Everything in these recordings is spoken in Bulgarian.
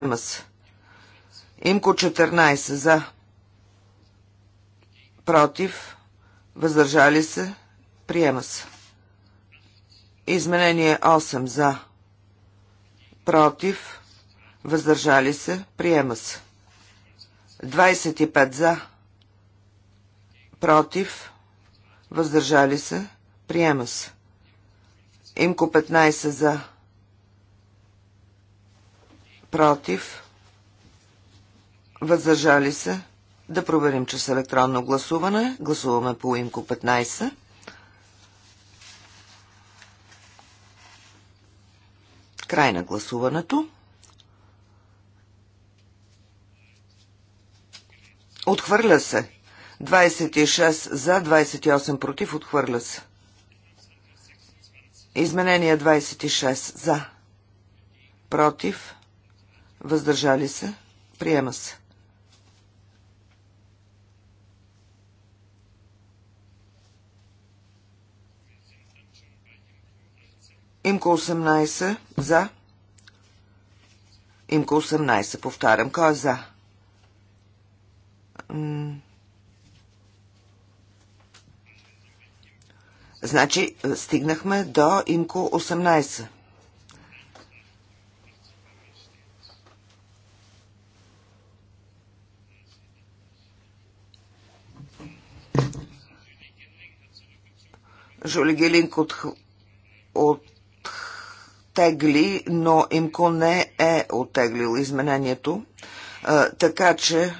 Мас. Имко 14 за. Против. Въздържали се. Приема се. Изменение 8 за. Против. Въздържали се. Приема се. 25 за. Против. Въздържали се. Приема се. Имко 15 за против, въздържали се. Да проверим, че с електронно гласуване. Гласуваме по имко 15. Край на гласуването. Отхвърля се. 26 за, 28 против. Отхвърля се. Изменение 26 за. Против въздържали се, приема се. Имко 18 за. Имко 18, повтарям. Кой е за? значи, стигнахме до Имко 18. Жоли Гелинг от, от тегли, но Имко не е оттеглил изменението. А, така че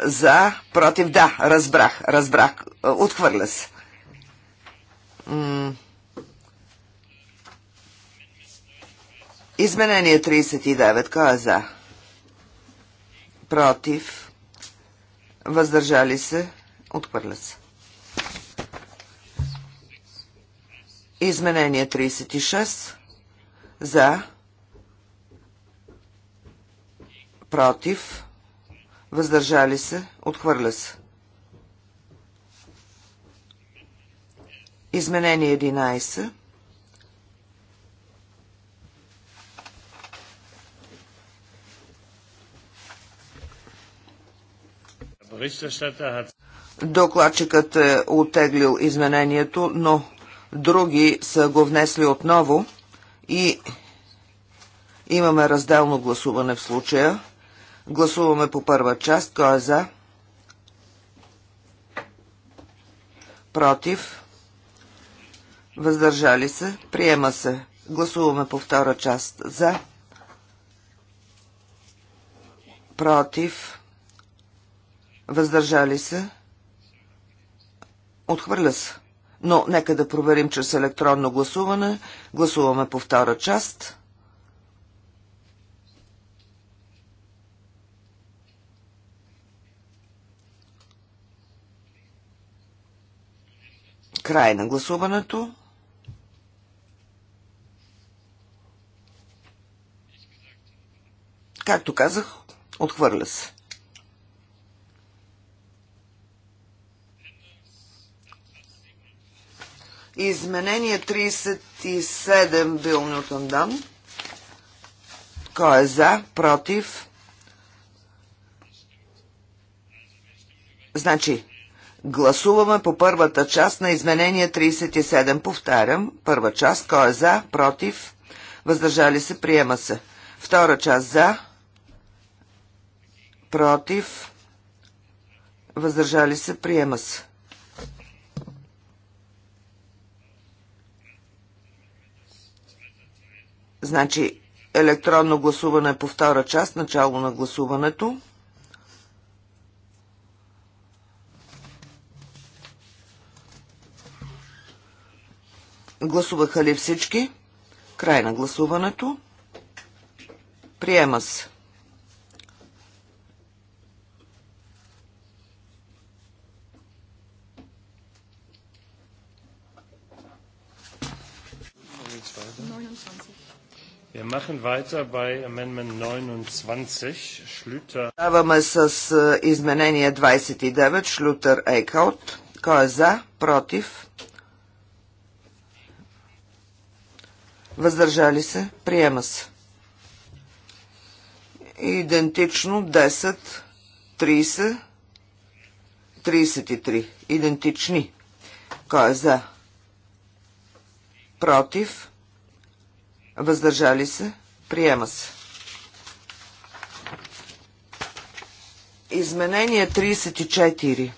за, против, да, разбрах, разбрах, отхвърля се. М Изменение 39, кой е за? Против, въздържали се, отхвърля се. Изменение 36 за против въздържали се, отхвърля се. Изменение 11 Докладчикът е отеглил изменението, но други са го внесли отново и имаме разделно гласуване в случая. Гласуваме по първа част. Кой е за? Против? Въздържали се? Приема се. Гласуваме по втора част. За? Против? Въздържали се? Отхвърля се но нека да проверим чрез електронно гласуване. Гласуваме по втора част. Край на гласуването. Както казах, отхвърля се. Изменение 37 Бил Нютон Дан. Кой е за? Против? Значи, гласуваме по първата част на изменение 37. Повтарям, първа част. Кой е за? Против? Въздържали се? Приема се. Втора част за? Против? Въздържали се? Приема се. Значи електронно гласуване по втора част, начало на гласуването. Гласуваха ли всички? Край на гласуването. Приема се. Neunundzwanzig. Wir machen weiter bei Amendment 29, Schlüter. Даваме с е, изменение 29, Шлютер Ейкаут. Кой е за? Против? Въздържали се? Приема се. Идентично 10, 30, 33. Идентични. Кой е за? Против? въздържали се, приема се. Изменение 34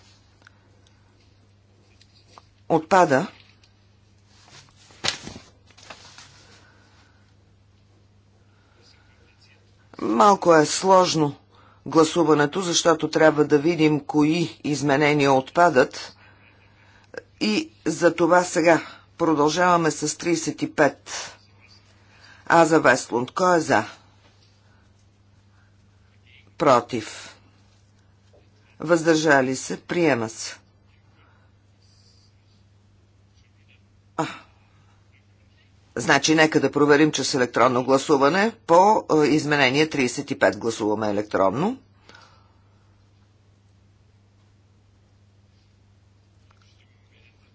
отпада. Малко е сложно гласуването, защото трябва да видим кои изменения отпадат. И за това сега продължаваме с 35. Аза за Вестлунд, кой е за? Против. Въздържали се, приема се. А. Значи, нека да проверим, че с електронно гласуване по е, изменение 35 гласуваме електронно.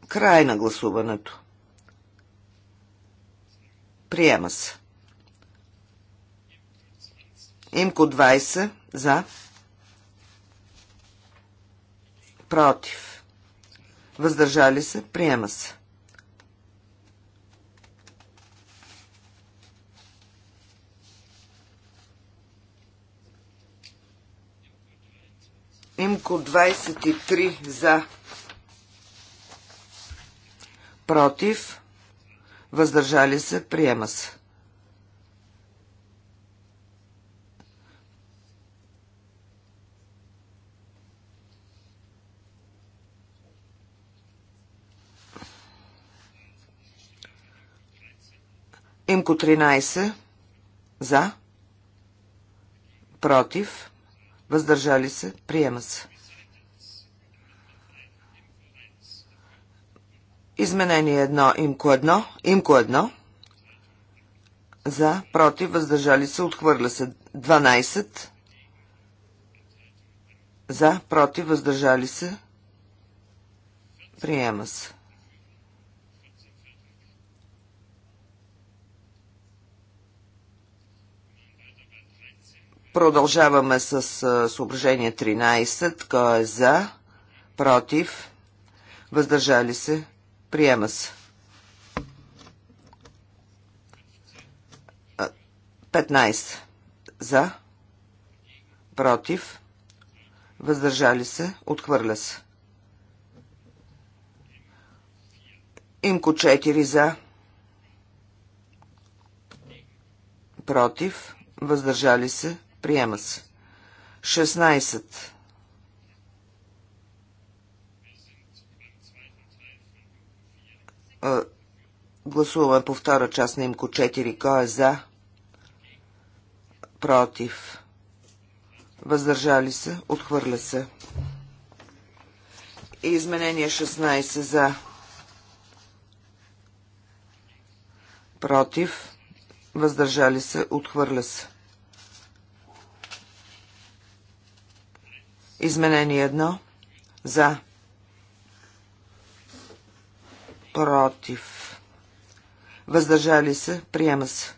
Край на гласуването. Приема се. Имко 20 за. Против. Въздържали се. Приема се. Имко 23 за. Против. Въздържали се. Приема се. Имко 13 за, против, въздържали се, приема се. Изменение 1, имко 1, имко 1, за, против, въздържали се, отхвърля се 12, за, против, въздържали се, приема се. Продължаваме с съображение 13. Кой е за? Против? Въздържали се? Приема се. 15. За? Против? Въздържали се? Отхвърля се. Имко 4 за. Против? Въздържали се? Приема се. 16. Е, гласуваме по втора част на имко 4. Кой е за? Против. Въздържали се. Отхвърля се. И изменение 16 за. Против. Въздържали се. Отхвърля се. Изменение едно за против. Въздържали се, приема се.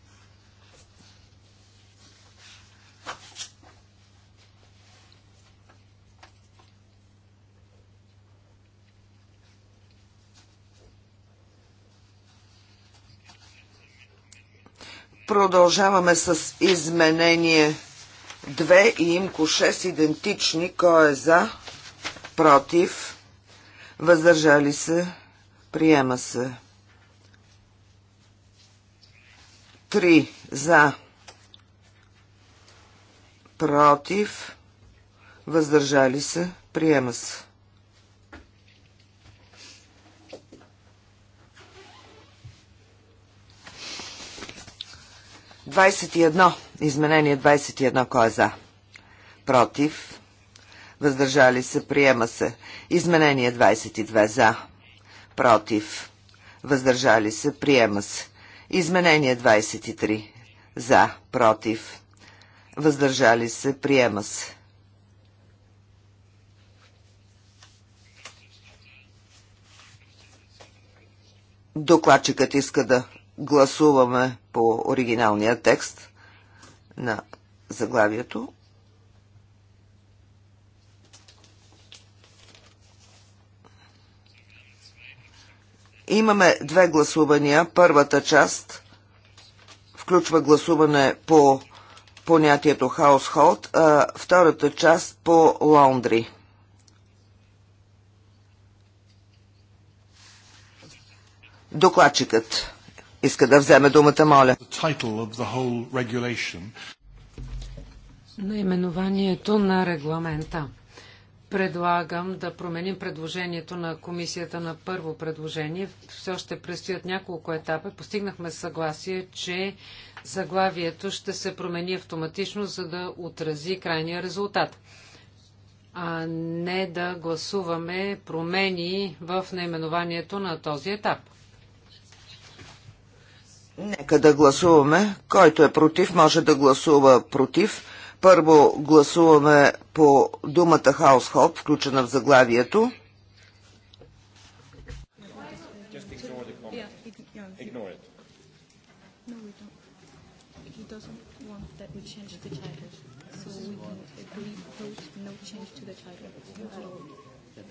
Продължаваме с изменение Две и имко шест идентични. Кой е за? Против? Въздържали се? Приема се. Три. за. Против? Въздържали се? Приема се. 21. Изменение 21. Кой е за? Против. Въздържали се. Приема се. Изменение 22. За. Против. Въздържали се. Приема се. Изменение 23. За. Против. Въздържали се. Приема се. Докладчикът иска да гласуваме по оригиналния текст на заглавието. Имаме две гласувания. Първата част включва гласуване по понятието household, а втората част по лаундри. Докладчикът иска да вземе думата, моля. Наименованието на регламента. Предлагам да променим предложението на комисията на първо предложение. Все още предстоят няколко етапа. Постигнахме съгласие, че заглавието ще се промени автоматично, за да отрази крайния резултат а не да гласуваме промени в наименованието на този етап. Нека да гласуваме. Който е против, може да гласува против. Първо гласуваме по думата household, включена в заглавието.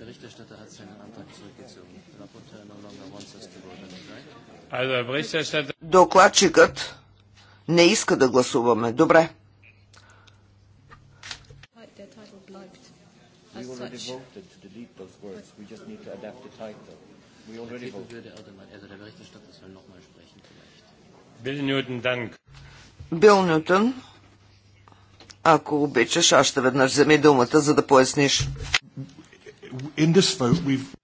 Berichterstatter hat seinen Antrag zurückgezogen. Der Rapporteur no longer wants us to vote on it, right? Also, Berichterstatter Докладчикът не иска да гласуваме. Добре. Бил Нютон, ако обичаш, ще веднъж вземи думата, за да поясниш. In this vote, we've...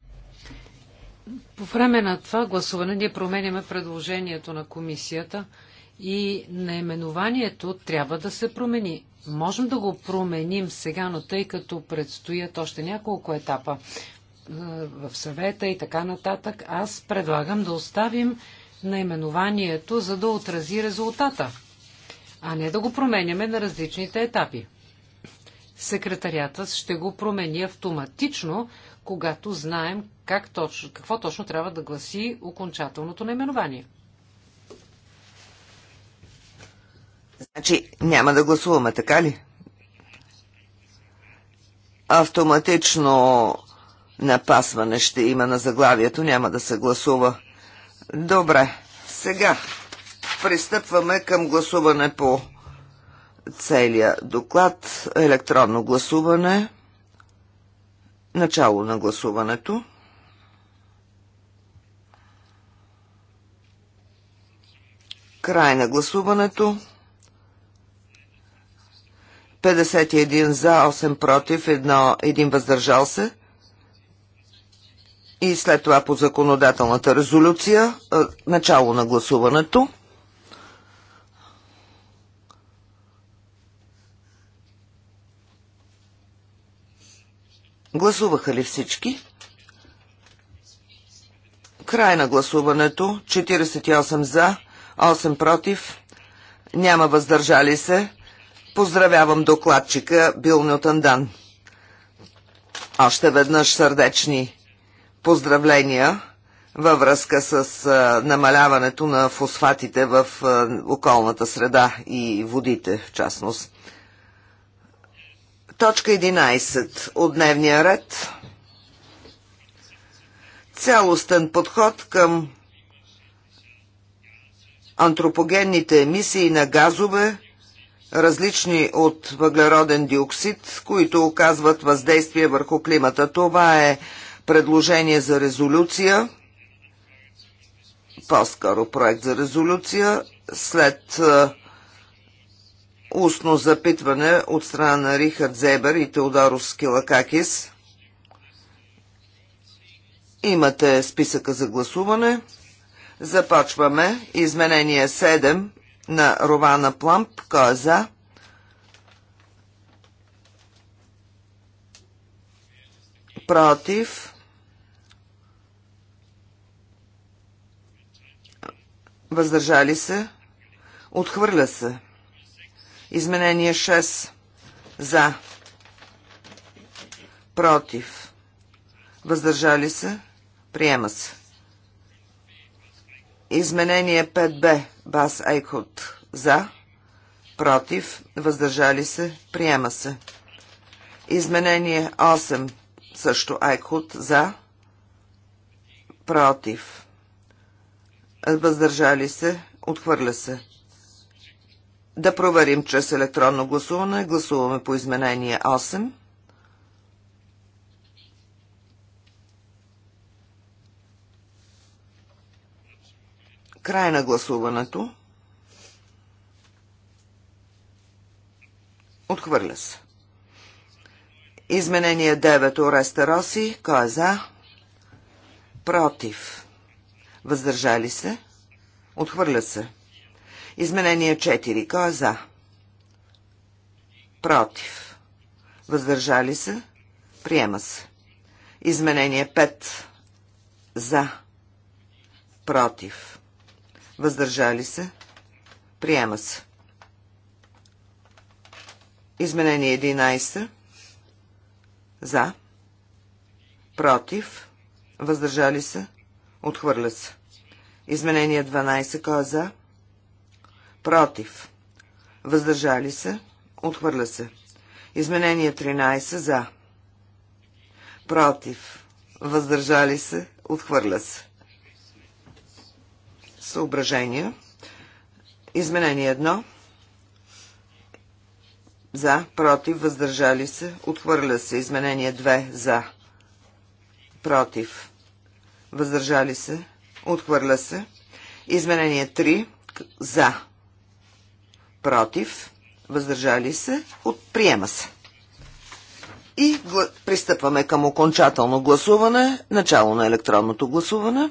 По време на това гласуване ние променяме предложението на комисията и наименованието трябва да се промени. Можем да го променим сега, но тъй като предстоят още няколко етапа е, в съвета и така нататък, аз предлагам да оставим наименованието, за да отрази резултата, а не да го променяме на различните етапи. Секретарията ще го промени автоматично, когато знаем как точно, какво точно трябва да гласи окончателното наименование. Значи няма да гласуваме, така ли? Автоматично напасване ще има на заглавието, няма да се гласува. Добре, сега пристъпваме към гласуване по целия доклад. Електронно гласуване. Начало на гласуването. Край на гласуването. 51 за, 8 против, 1, 1 въздържал се. И след това по законодателната резолюция, е, начало на гласуването. Гласуваха ли всички? Край на гласуването. 48 за, 8 против, няма въздържали се. Поздравявам докладчика Бил Нютандан. Още веднъж сърдечни поздравления във връзка с а, намаляването на фосфатите в а, околната среда и водите, в частност. Точка 11 от дневния ред. Цялостен подход към антропогенните емисии на газове, различни от въглероден диоксид, които оказват въздействие върху климата. Това е предложение за резолюция, по-скоро проект за резолюция, след устно запитване от страна на Рихард Зебер и Теодорос Скилакакис. Имате списъка за гласуване. Започваме. Изменение 7 на Рована Пламп. Кой е за? Против. Въздържали се. Отхвърля се. Изменение 6 за, против, въздържали се, приема се. Изменение 5Б, Бас Айкот, за, против, въздържали се, приема се. Изменение 8, също Айкот, за, против, въздържали се, отхвърля се. Да проверим чрез електронно гласуване. Гласуваме по изменение 8. Край на гласуването. Отхвърля се. Изменение 9 Ореста Роси. Кой е за? Против. Въздържали се? Отхвърля се. Изменение 4. Кой е за? Против. Въздържали се? Приема се. Изменение 5. За. Против. Въздържали се? Приема се. Изменение 11. За. Против. Въздържали се? Отхвърля се. Изменение 12. Кой е за? против, въздържали се, отхвърля се. Изменение 13 за, против, въздържали се, отхвърля се. Съображения. Изменение 1. За, против, въздържали се, отхвърля се. Изменение 2. За, против, въздържали се, отхвърля се. Изменение 3. За, против, въздържали се, приема се. И пристъпваме към окончателно гласуване, начало на електронното гласуване.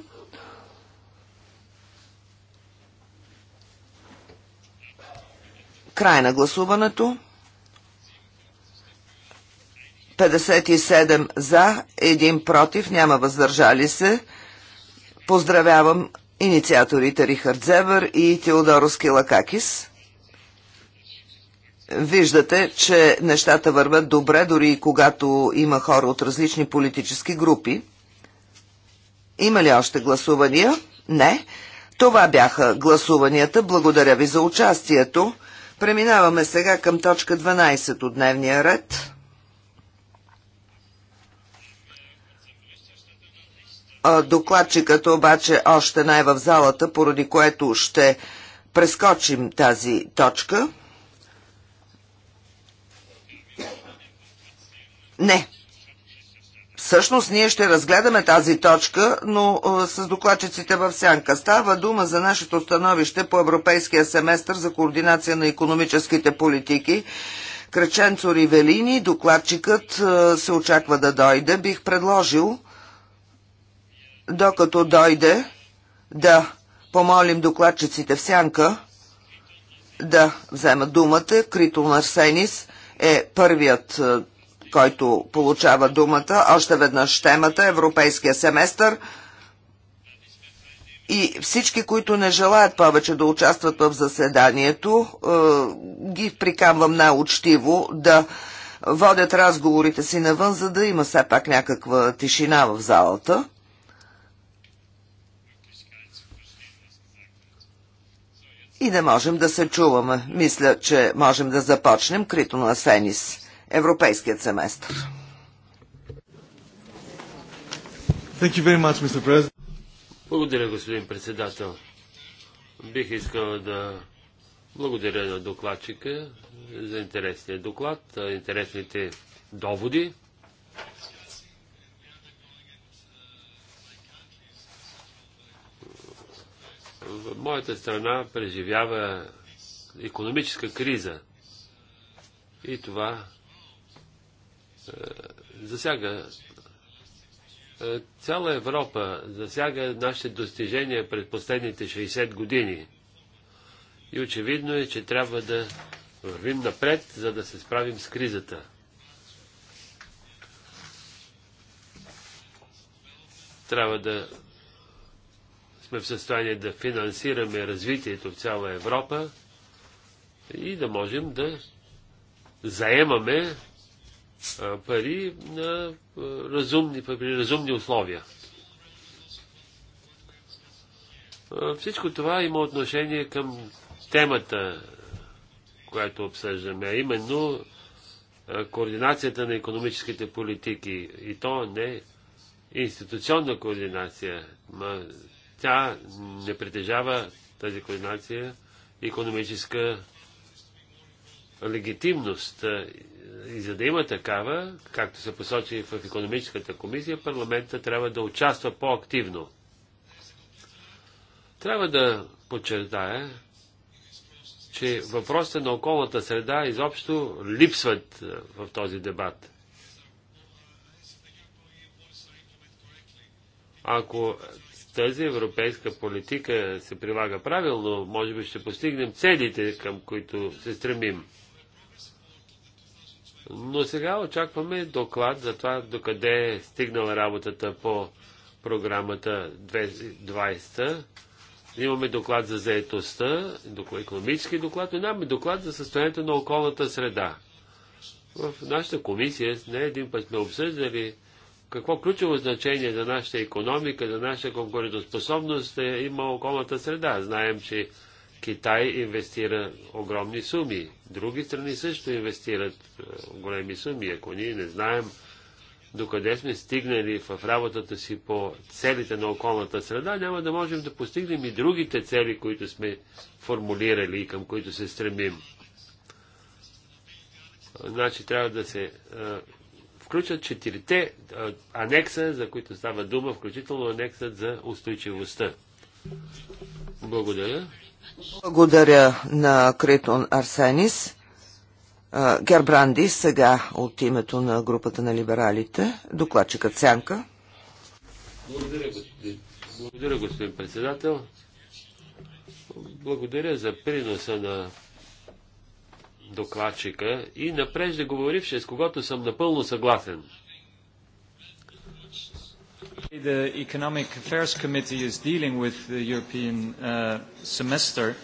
Край на гласуването. 57 за, 1 против, няма въздържали се. Поздравявам инициаторите Рихард Зебър и Теодорос Лакакис. Виждате, че нещата върват добре, дори и когато има хора от различни политически групи. Има ли още гласувания? Не. Това бяха гласуванията. Благодаря ви за участието. Преминаваме сега към точка 12 от дневния ред. Докладчикът обаче още най е в залата, поради което ще прескочим тази точка. Не. Всъщност ние ще разгледаме тази точка, но с докладчиците в сянка. Става дума за нашето становище по Европейския семестър за координация на економическите политики. Краченцо Ривелини, докладчикът се очаква да дойде. Бих предложил, докато дойде, да помолим докладчиците в сянка да вземат думата. Крито Марсенис е първият който получава думата. Още веднъж темата Европейския семестър и всички, които не желаят повече да участват в заседанието, е, ги приканвам най-учтиво да водят разговорите си навън, за да има все пак някаква тишина в залата. И не можем да се чуваме. Мисля, че можем да започнем крито на Сенис европейският семестър. Much, благодаря, господин председател. Бих искал да благодаря на докладчика за интересния доклад, интересните доводи. В моята страна преживява економическа криза. И това е, засяга е, цяла Европа, засяга нашите достижения пред последните 60 години. И очевидно е, че трябва да вървим напред, за да се справим с кризата. Трябва да сме в състояние да финансираме развитието в цяла Европа и да можем да заемаме пари на разумни, при разумни условия. Всичко това има отношение към темата, която обсъждаме, а именно координацията на економическите политики. И то не институционна координация. но тя не притежава тази координация економическа легитимност и за да има такава, както се посочи в економическата комисия, парламента трябва да участва по-активно. Трябва да подчертая, че въпросите на околната среда изобщо липсват е, в този дебат. Ако тази европейска политика се прилага правилно, може би ще постигнем целите, към които се стремим. Но сега очакваме доклад за това докъде е стигнала работата по програмата 2020. Имаме доклад за заетостта, економически доклад, но нямаме доклад за състоянието на околната среда. В нашата комисия не един път сме обсъждали какво ключово значение за нашата економика, за нашата конкурентоспособност е има околната среда. Знаем, че Китай инвестира огромни суми. Други страни също инвестират е, големи суми. Ако ние не знаем докъде сме стигнали в работата си по целите на околната среда, няма да можем да постигнем и другите цели, които сме формулирали и към които се стремим. Значи трябва да се е, включат четирите е, анекса, за които става дума, включително анексът за устойчивостта. Благодаря. Благодаря на Критон Арсенис. Гербранди сега от името на групата на либералите. докладчика Цянка. Благодаря, господин, Благодаря, господин председател. Благодаря за приноса на докладчика и на преждеговоривше, с когато съм напълно съгласен. The Economic Affairs Committee is dealing with the European uh, semester.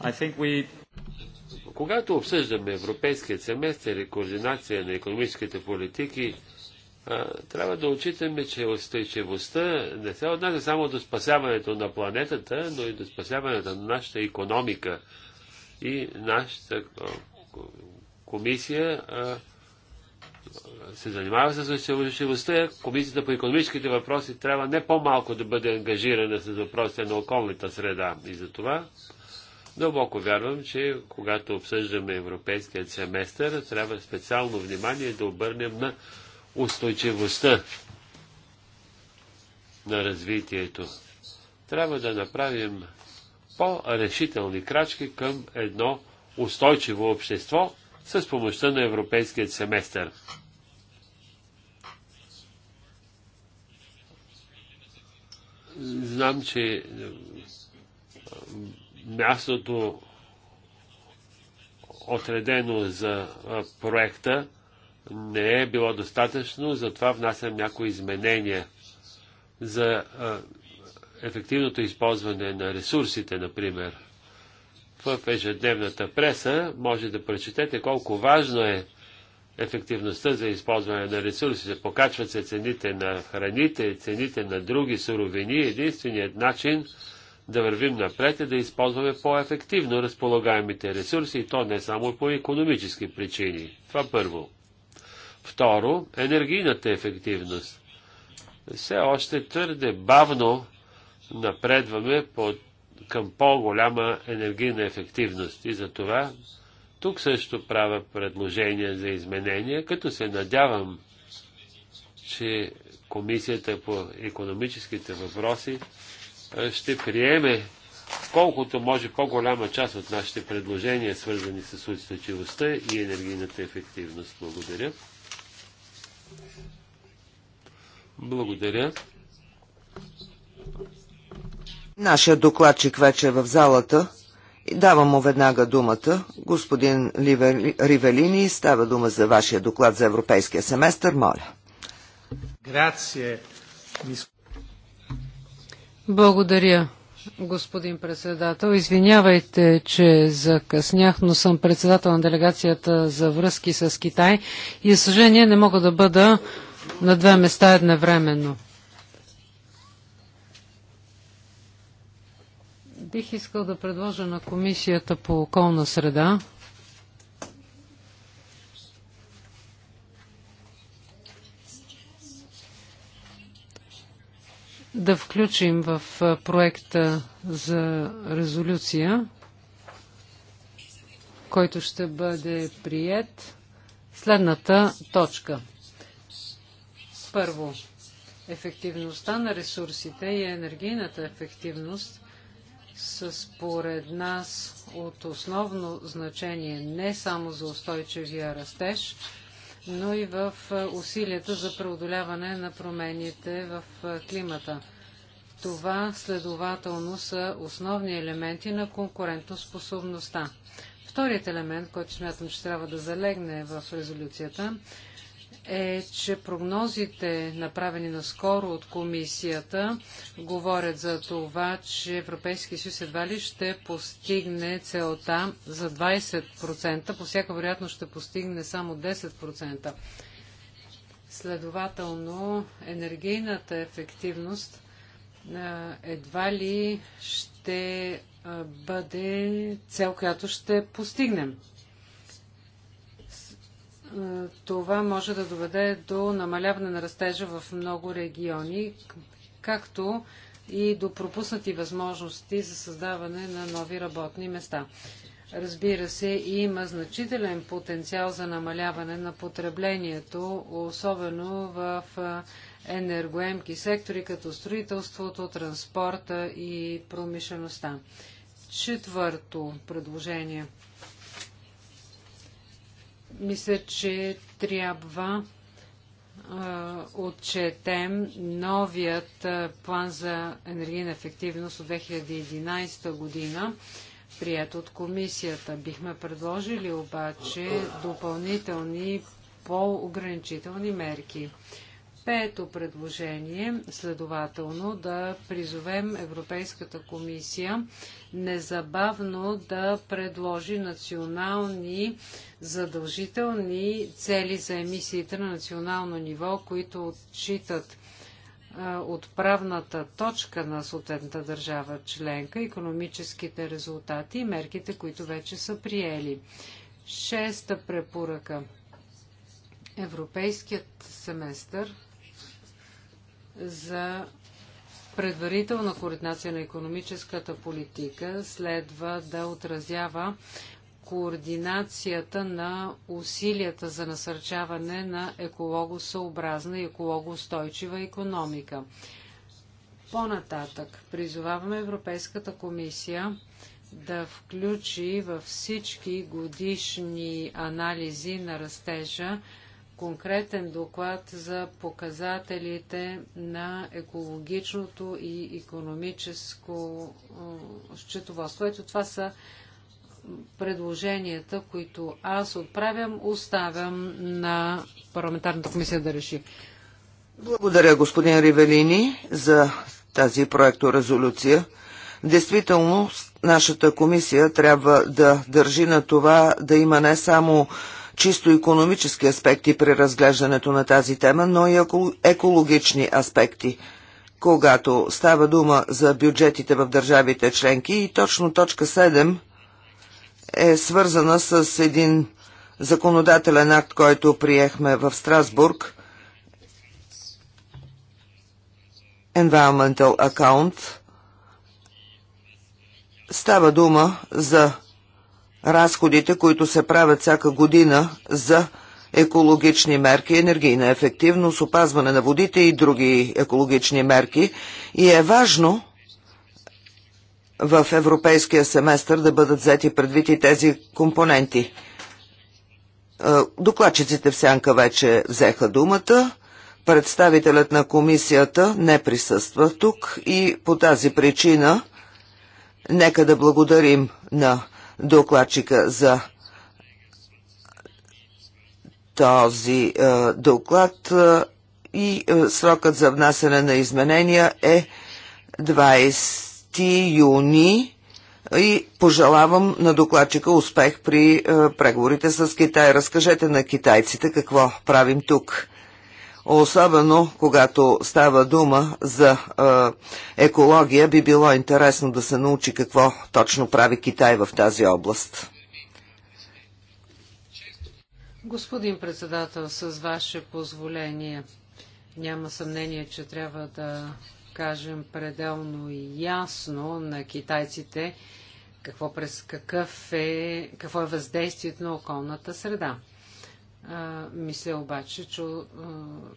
I think we когато обсъждаме европейският семестър и координация на економическите политики, трябва да отчитаме, че устойчивостта не се отнася само до спасяването на планетата, но и до спасяването на нашата економика. И нашата комисия се занимава с устойчивостта, Комисията по економическите въпроси трябва не по-малко да бъде ангажирана с въпросите на околната среда. И за това дълбоко вярвам, че когато обсъждаме европейският семестър, трябва специално внимание да обърнем на устойчивостта на развитието. Трябва да направим по-решителни крачки към едно устойчиво общество с помощта на европейският семестър. Знам, че е, мястото отредено за проекта не е било достатъчно, затова внасям някои изменения за ефективното използване на ресурсите, например. В ежедневната преса може да прочетете колко важно е ефективността за използване на ресурсите. Покачват се цените на храните, цените на други суровини. Единственият начин да вървим напред е да използваме по-ефективно разполагаемите ресурси и то не само по економически причини. Това първо. Второ, енергийната ефективност. Все още твърде бавно напредваме по, към по-голяма енергийна ефективност и за това тук също правя предложение за изменения, като се надявам, че Комисията по економическите въпроси ще приеме колкото може по-голяма част от нашите предложения, свързани с устойчивостта и енергийната ефективност. Благодаря. Благодаря. Нашия докладчик вече е в залата. Давам му веднага думата. Господин Ривелини, става дума за вашия доклад за европейския семестър. Моля. Благодаря, господин председател. Извинявайте, че закъснях, но съм председател на делегацията за връзки с Китай и, за съжаление, не мога да бъда на две места едновременно. Бих искал да предложа на Комисията по околна среда да включим в проекта за резолюция, който ще бъде прият, следната точка. Първо, ефективността на ресурсите и енергийната ефективност са според нас от основно значение не само за устойчивия растеж, но и в е, усилията за преодоляване на промените в е, климата. Това следователно са основни елементи на конкурентоспособността. Вторият елемент, който смятам, че трябва да залегне в резолюцията, е, че прогнозите, направени наскоро от комисията, говорят за това, че Европейския съюз едва ли ще постигне целта за 20%, по всяка вероятност ще постигне само 10%. Следователно, енергийната ефективност едва ли ще бъде цел, която ще постигнем това може да доведе до намаляване на растежа в много региони, както и до пропуснати възможности за създаване на нови работни места. Разбира се, има значителен потенциал за намаляване на потреблението, особено в енергоемки сектори, като строителството, транспорта и промишлеността. Четвърто предложение – мисля, че трябва отчетем новият план за енергийна ефективност от 2011 година, прият от комисията. Бихме предложили обаче допълнителни по-ограничителни мерки. Пето предложение, следователно, да призовем Европейската комисия незабавно да предложи национални задължителни цели за емисиите на национално ниво, които отчитат отправната точка на съответната държава членка, економическите резултати и мерките, които вече са приели. Шеста препоръка. Европейският семестър за предварителна координация на економическата политика следва да отразява координацията на усилията за насърчаване на екологосъобразна и екологоустойчива економика. По-нататък призоваваме Европейската комисия да включи във всички годишни анализи на растежа конкретен доклад за показателите на екологичното и економическо счетоводство. Ето това са предложенията, които аз отправям, оставям на парламентарната комисия да реши. Благодаря, господин Ривелини, за тази проекторезолюция. Действително, нашата комисия трябва да държи на това да има не само чисто економически аспекти при разглеждането на тази тема, но и екологични аспекти когато става дума за бюджетите в държавите членки и точно точка 7 е свързана с един законодателен акт, който приехме в Страсбург Environmental Account. Става дума за разходите, които се правят всяка година за екологични мерки, енергийна ефективност, опазване на водите и други екологични мерки. И е важно в европейския семестър да бъдат взети предвид и тези компоненти. Е, докладчиците в Сянка вече взеха думата. Представителят на комисията не присъства тук и по тази причина нека да благодарим на докладчика за този е, доклад е, и е, срокът за внасяне на изменения е 20 юни и пожелавам на докладчика успех при преговорите с Китай. Разкажете на китайците какво правим тук. Особено, когато става дума за е, екология, би било интересно да се научи какво точно прави Китай в тази област. Господин председател, с ваше позволение, няма съмнение, че трябва да кажем пределно и ясно на китайците какво, през какъв е, какво е въздействието на околната среда мисля обаче, че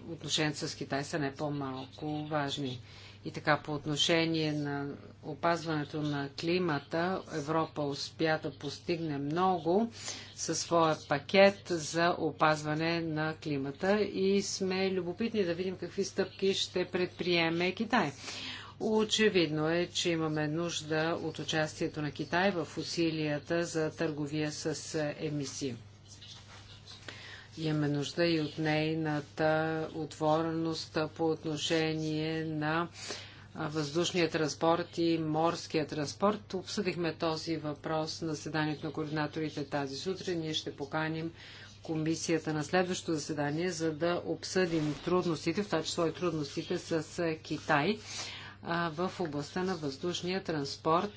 отношенията с Китай са не по-малко важни. И така, по отношение на опазването на климата, Европа успя да постигне много със своя пакет за опазване на климата и сме любопитни да видим какви стъпки ще предприеме Китай. Очевидно е, че имаме нужда от участието на Китай в усилията за търговия с емисии. Имаме нужда и от нейната отвореност по отношение на въздушния транспорт и морския транспорт. Обсъдихме този въпрос на заседанието на координаторите тази сутрин. Ние ще поканим комисията на следващото заседание, за да обсъдим трудностите, в това число и трудностите с Китай в областта на въздушния транспорт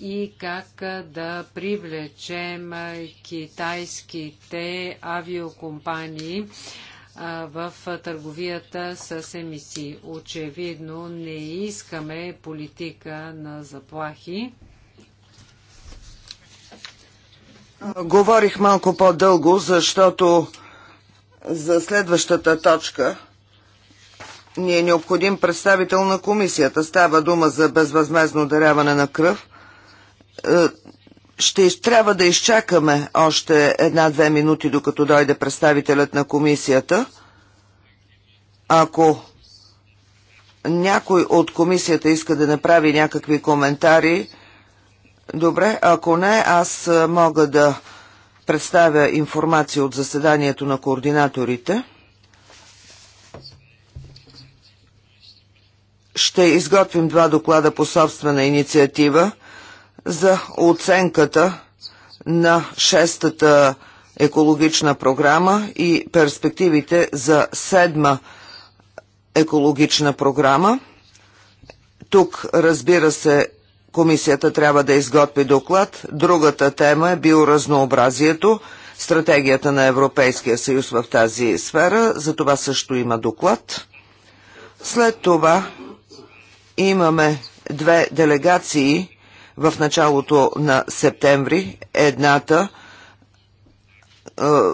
и как да привлечем китайските авиокомпании в търговията с емисии. Очевидно не искаме политика на заплахи. Говорих малко по-дълго, защото за следващата точка ни е необходим представител на комисията. Става дума за безвъзмезно даряване на кръв. Е, ще трябва да изчакаме още една-две минути, докато дойде представителят на комисията. Ако някой от комисията иска да направи някакви коментари, добре, ако не, аз е, мога да представя информация от заседанието на координаторите. Ще изготвим два доклада по собствена инициатива – за оценката на шестата екологична програма и перспективите за седма екологична програма. Тук, разбира се, комисията трябва да изготви доклад. Другата тема е биоразнообразието, стратегията на Европейския съюз в тази сфера. За това също има доклад. След това имаме две делегации в началото на септември. Едната е,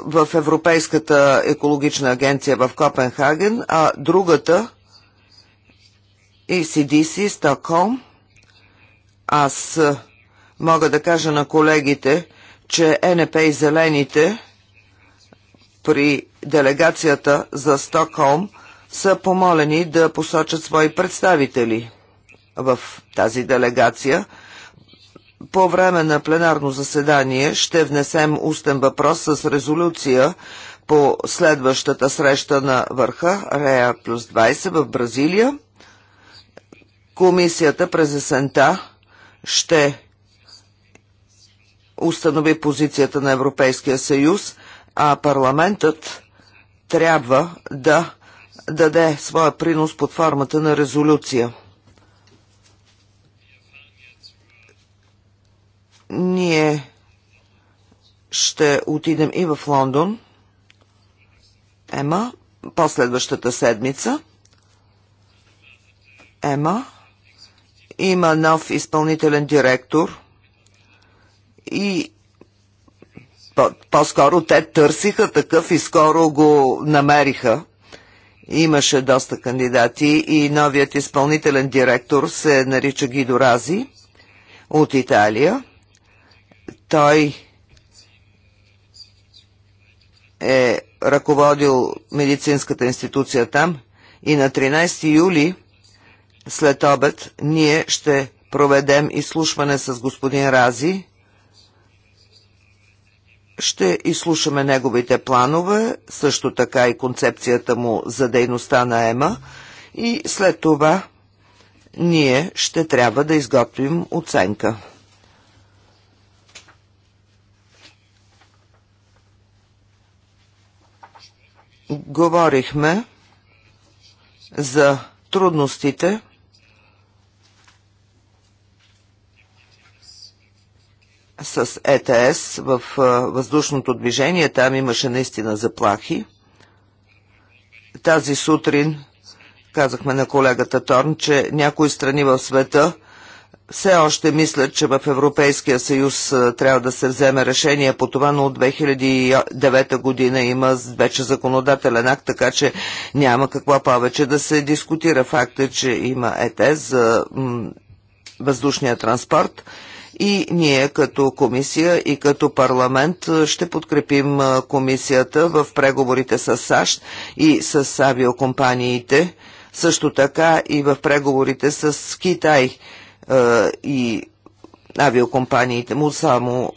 в Европейската екологична агенция в Копенхаген, а другата ECDC Стокхолм. Аз е, мога да кажа на колегите, че е НП и Зелените при делегацията за Стокхолм са помолени да посочат свои представители в тази делегация – по време на пленарно заседание ще внесем устен въпрос с резолюция по следващата среща на върха Реа плюс 20 в Бразилия. Комисията през есента ще установи позицията на Европейския съюз, а парламентът трябва да даде своя принос под формата на резолюция. Ние ще отидем и в Лондон. Ема, последващата седмица. Ема, има нов изпълнителен директор и по-скоро по те търсиха такъв и скоро го намериха. Имаше доста кандидати и новият изпълнителен директор се нарича Гидорази от Италия. Той е ръководил медицинската институция там и на 13 юли след обед ние ще проведем изслушване с господин Рази. Ще изслушаме неговите планове, също така и концепцията му за дейността на ЕМА и след това ние ще трябва да изготвим оценка. говорихме за трудностите, с ЕТС в въздушното движение. Там имаше наистина заплахи. Тази сутрин казахме на колегата Торн, че някои страни в света – все още мисля, че в Европейския съюз трябва да се вземе решение по това, но от 2009 година има вече законодателен акт, така че няма какво повече да се дискутира. Факта, е, че има ЕТЕС за въздушния транспорт и ние като комисия и като парламент ще подкрепим комисията в преговорите с САЩ и с авиокомпаниите, също така и в преговорите с Китай – и авиокомпаниите му, само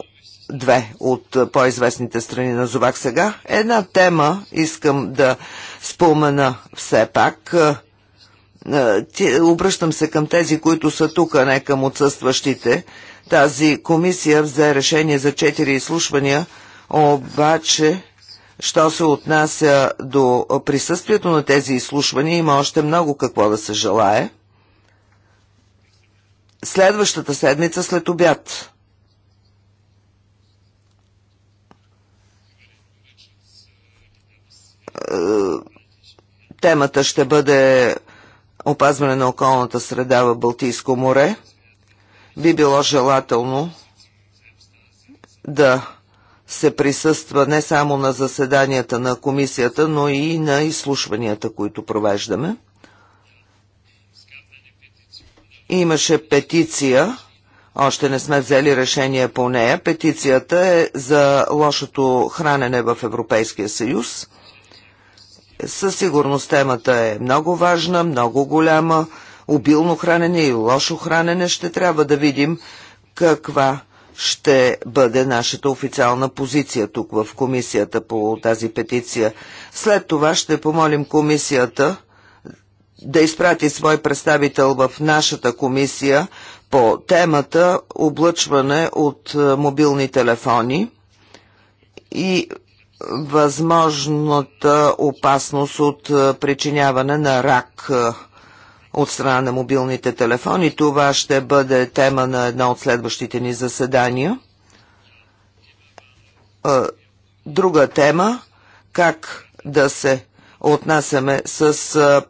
две от по-известните страни назовах сега. Една тема искам да спомена все пак. Обръщам се към тези, които са тук, а не към отсъстващите. Тази комисия взе решение за четири изслушвания, обаче, що се отнася до присъствието на тези изслушвания, има още много какво да се желае следващата седмица след обяд. Е, темата ще бъде опазване на околната среда в Балтийско море. Би било желателно да се присъства не само на заседанията на комисията, но и на изслушванията, които провеждаме. Имаше петиция, още не сме взели решение по нея. Петицията е за лошото хранене в Европейския съюз. Със сигурност темата е много важна, много голяма. Обилно хранене и лошо хранене ще трябва да видим каква ще бъде нашата официална позиция тук в комисията по тази петиция. След това ще помолим комисията да изпрати свой представител в нашата комисия по темата облъчване от е, мобилни телефони и възможната опасност от е, причиняване на рак е, от страна на мобилните телефони. Това ще бъде тема на едно от следващите ни заседания. Друга тема – как да се отнасяме с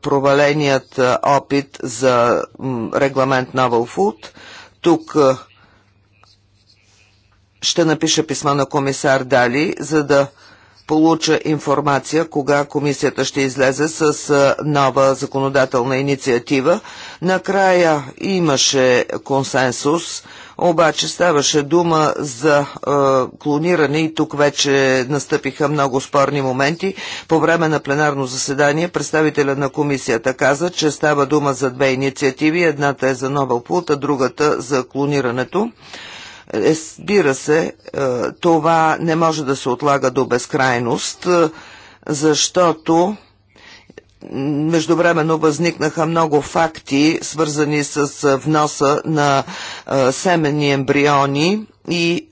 проваленият опит за регламент Novel Food. Тук ще напиша писма на комисар Дали, за да получа информация кога комисията ще излезе с нова законодателна инициатива. Накрая имаше консенсус – обаче ставаше дума за е, клониране и тук вече настъпиха много спорни моменти. По време на пленарно заседание представителя на комисията каза, че става дума за две инициативи. Едната е за нова плута, а другата за клонирането. Е, разбира се, е, това не може да се отлага до безкрайност, е, защото Междувременно възникнаха много факти, свързани с вноса на семени ембриони и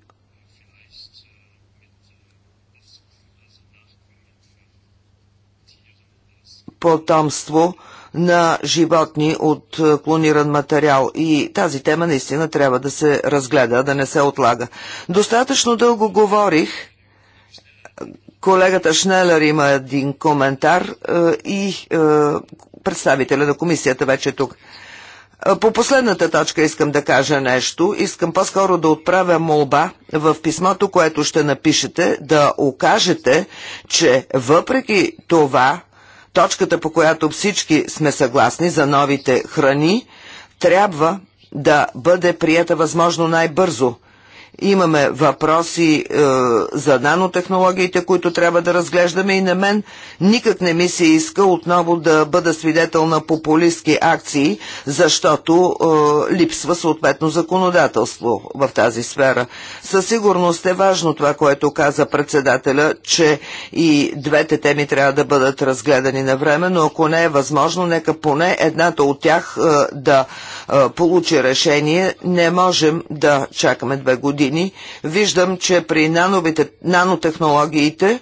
потомство на животни от клониран материал и тази тема наистина трябва да се разгледа, да не се отлага. Достатъчно дълго говорих Колегата Шнелер има един коментар е, и е, представителя на комисията вече е тук. Е, по последната точка искам да кажа нещо. Искам по-скоро да отправя молба в писмото, което ще напишете, да окажете, че въпреки това, точката по която всички сме съгласни за новите храни, трябва да бъде прията възможно най-бързо. Имаме въпроси е, за нанотехнологиите, които трябва да разглеждаме и на мен никак не ми се иска отново да бъда свидетел на популистски акции, защото е, липсва съответно законодателство в тази сфера. Със сигурност е важно това, което каза председателя, че и двете теми трябва да бъдат разгледани на време, но ако не е възможно, нека поне едната от тях е, да е, получи решение. Не можем да чакаме две години години виждам, че при нановите, нанотехнологиите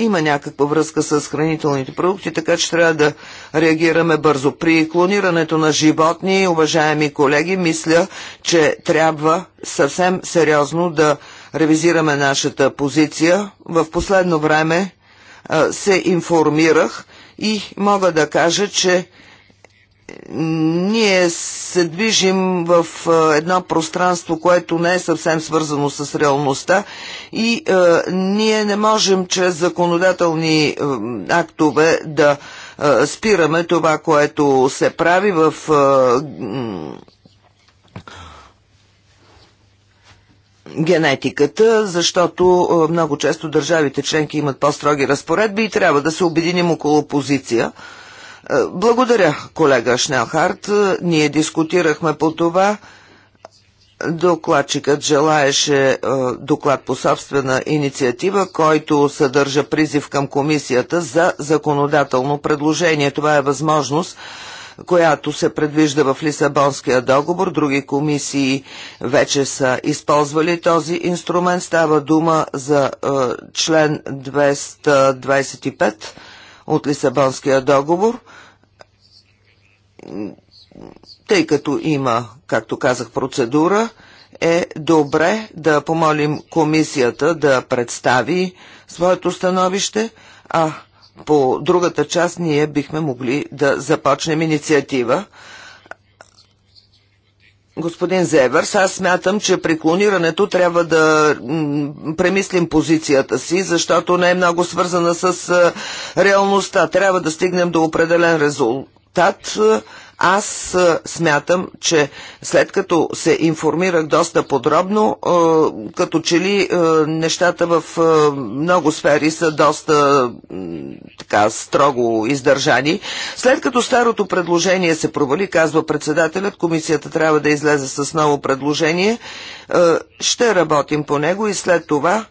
има някаква връзка с хранителните продукти, така че трябва да реагираме бързо. При клонирането на животни, уважаеми колеги, мисля, че трябва съвсем сериозно да ревизираме нашата позиция. В последно време се информирах и мога да кажа, че ние се движим в едно пространство, което не е съвсем свързано с реалността и е, ние не можем чрез законодателни е, актове да е, спираме това, което се прави в генетиката, защото много често държавите членки имат по-строги разпоредби и трябва да се обединим около позиция. Е, благодаря, колега Шнелхарт. Е, ние дискутирахме по това. Докладчикът желаеше е, доклад по собствена инициатива, който съдържа призив към комисията за законодателно предложение. Това е възможност която се предвижда в Лисабонския договор. Други комисии вече са използвали този инструмент. Става дума за е, член 225 от Лисабонския договор, тъй като има, както казах, процедура, е добре да помолим комисията да представи своето становище, а по другата част ние бихме могли да започнем инициатива. Господин Зеверс, аз смятам, че при клонирането трябва да премислим позицията си, защото не е много свързана с реалността. Трябва да стигнем до определен резултат. Аз смятам, че след като се информирах доста подробно, като че ли нещата в много сфери са доста така строго издържани. След като старото предложение се провали, казва председателят, комисията трябва да излезе с ново предложение. Ще работим по него и след това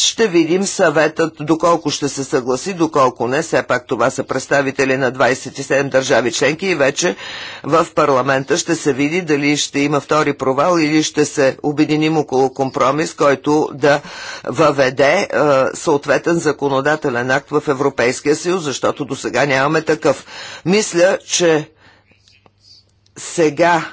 Ще видим съветът доколко ще се съгласи, доколко не. Все пак това са представители на 27 държави членки и вече в парламента ще се види дали ще има втори провал или ще се обединим около компромис, който да въведе е, съответен законодателен акт в Европейския съюз, защото до сега нямаме такъв. Мисля, че сега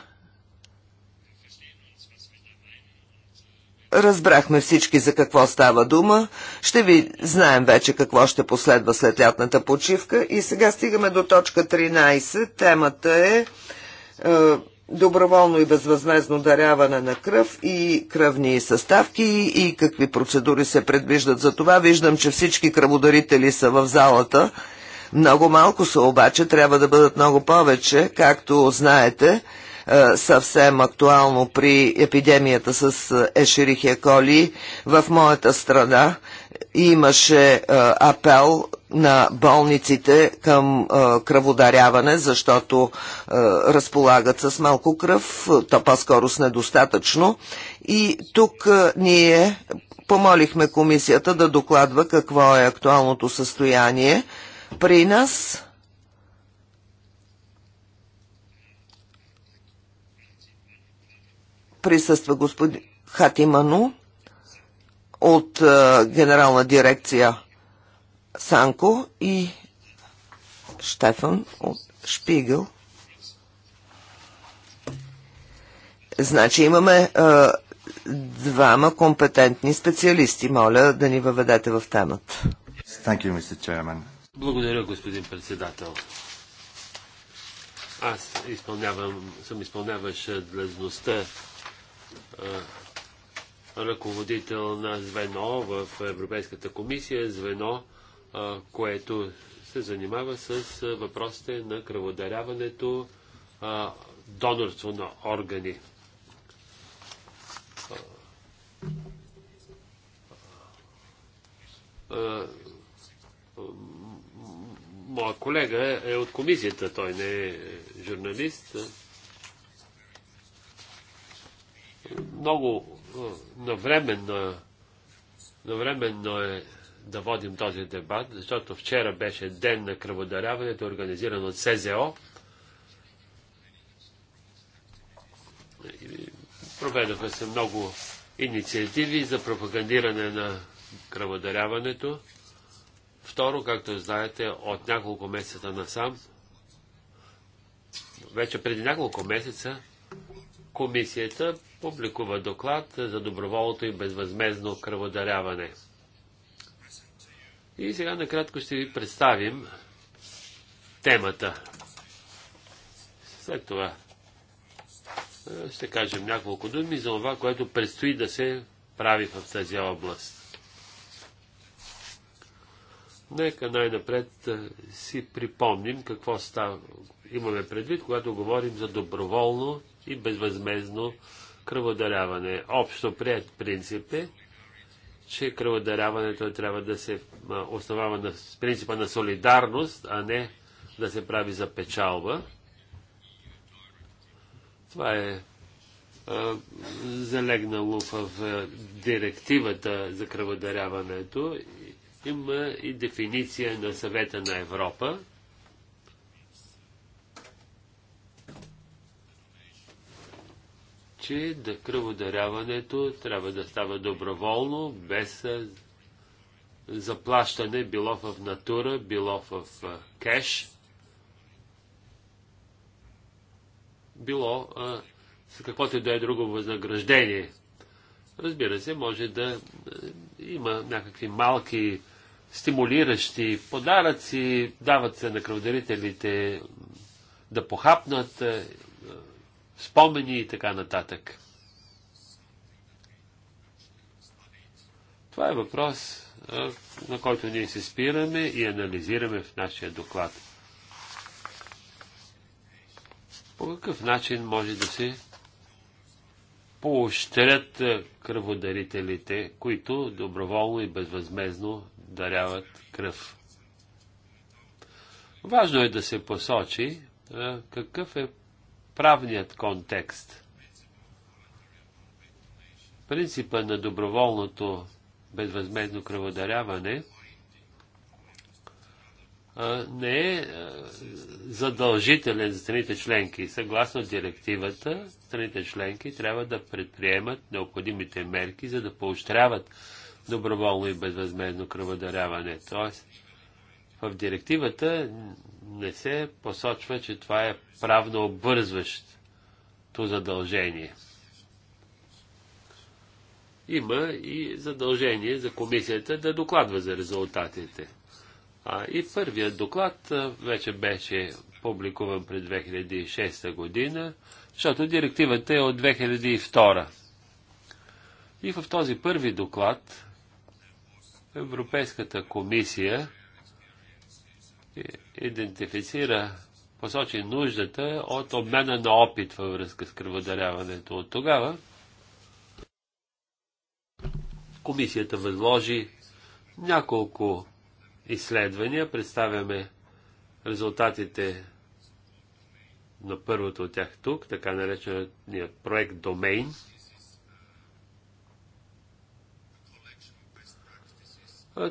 Разбрахме всички за какво става дума. Ще ви знаем вече какво ще последва след лятната почивка. И сега стигаме до точка 13. Темата е, е доброволно и безвъзмезно даряване на кръв и кръвни съставки и какви процедури се предвиждат за това. Виждам, че всички кръводарители са в залата. Много малко са обаче, трябва да бъдат много повече, както знаете. Е, съвсем актуално при епидемията с Ешерихия е. коли. В моята страна имаше е, апел на болниците към кръводаряване, защото разполагат с малко кръв, то по-скоро с недостатъчно. И тук ние помолихме комисията да докладва какво е актуалното състояние. При нас Присъства господин Хатиману от е, генерална дирекция Санко и Штефан от Шпигъл. Значи имаме а, е, двама компетентни специалисти. Моля да ни въведете в темата. You, Благодаря, господин председател. Аз изпълнявам, съм изпълняващ длъжността ръководител на звено в Европейската комисия, звено, което се занимава с въпросите на кръводаряването, донорство на органи. Моя колега е от комисията, той не е журналист. много навременно, навременно е да водим този дебат, защото вчера беше ден на кръводаряването, организиран от СЗО. Проведоха се много инициативи за пропагандиране на кръводаряването. Второ, както знаете, от няколко месеца насам, вече преди няколко месеца, комисията публикува доклад за доброволното и безвъзмезно кръводаряване. И сега накратко ще ви представим темата. След това ще кажем няколко думи за това, което предстои да се прави в тази област. Нека най-напред си припомним какво става, имаме предвид, когато говорим за доброволно и безвъзмезно кръводаряване. Общо прият принцип е, че кръводаряването трябва да се основава на принципа на солидарност, а не да се прави за печалба. Това е а, залегнало в а, директивата за кръводаряването. Има и дефиниция на съвета на Европа, че да кръводаряването трябва да става доброволно, без заплащане, било в натура, било в кеш, било с каквото и да е друго възнаграждение. Разбира се, може да има някакви малки стимулиращи подаръци, дават се на кръводарителите да похапнат, спомени и така нататък. Това е въпрос, на който ние се спираме и анализираме в нашия доклад. По какъв начин може да се поощрят кръводарителите, които доброволно и безвъзмезно даряват кръв? Важно е да се посочи какъв е правният контекст. Принципа на доброволното безвъзмезно кръводаряване не е задължителен за страните членки. Съгласно директивата, страните членки трябва да предприемат необходимите мерки, за да поощряват доброволно и безвъзмезно кръводаряване. Тоест, в директивата не се посочва, че това е правно обвързващо задължение. Има и задължение за комисията да докладва за резултатите. А, и първият доклад вече беше публикуван през 2006 година, защото директивата е от 2002. И в този първи доклад Европейската комисия идентифицира, посочи нуждата от обмена на опит във връзка с кръводаряването. От тогава комисията възложи няколко изследвания. Представяме резултатите на първото от тях тук, така наречения проект Домейн –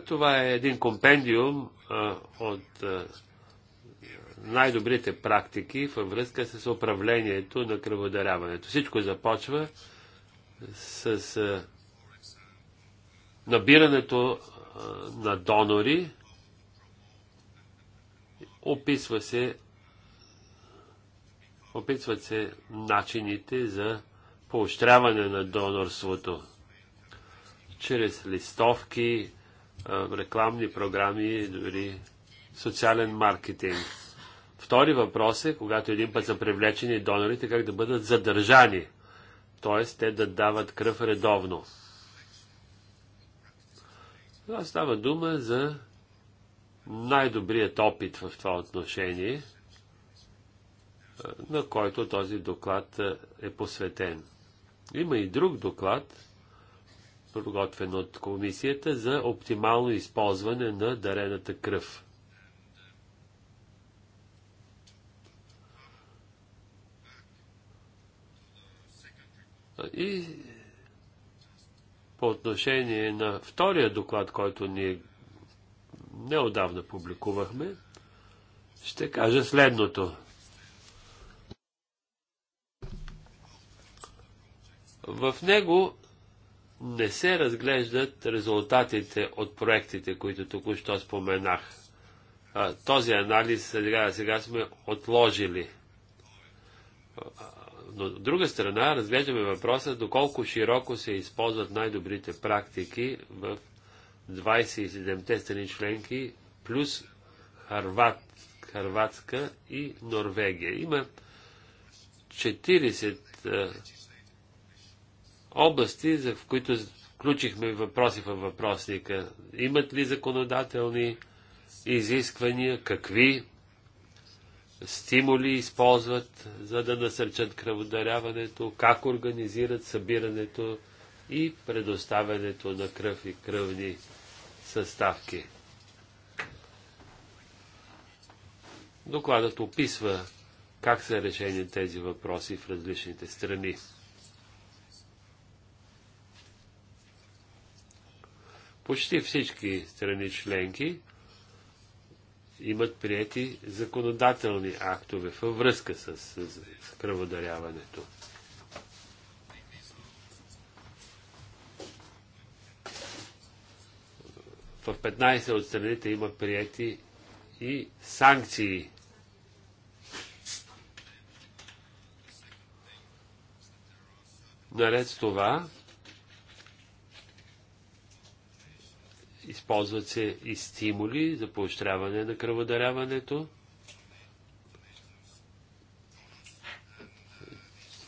Това е един компендиум от най-добрите практики във връзка с управлението на кръводаряването. Всичко започва с набирането на донори. Описва се описват се начините за поощряване на донорството. Чрез листовки, рекламни програми дори социален маркетинг. Втори въпрос е, когато един път са привлечени донорите, как да бъдат задържани, т.е. те да дават кръв редовно. Това става дума за най-добрият опит в това отношение, на който този доклад е посветен. Има и друг доклад, подготвен от комисията за оптимално използване на дарената кръв. И по отношение на втория доклад, който ние неодавна публикувахме, ще кажа следното. В него не се разглеждат резултатите от проектите, които току-що споменах. този анализ сега, сега сме отложили. Но от друга страна разглеждаме въпроса доколко широко се използват най-добрите практики в 27-те страни членки, плюс Харват, Харватска и Норвегия. Има 40 области, за в които включихме въпроси във въпросника. Имат ли законодателни изисквания? Какви стимули използват, за да насърчат кръводаряването? Как организират събирането и предоставянето на кръв и кръвни съставки? Докладът описва как са решени тези въпроси в различните страни. почти всички страни членки имат прияти законодателни актове във връзка с, с, с кръводаряването. В 15 от страните има прияти и санкции. Наред с това, Използват се и стимули за поощряване на кръводаряването.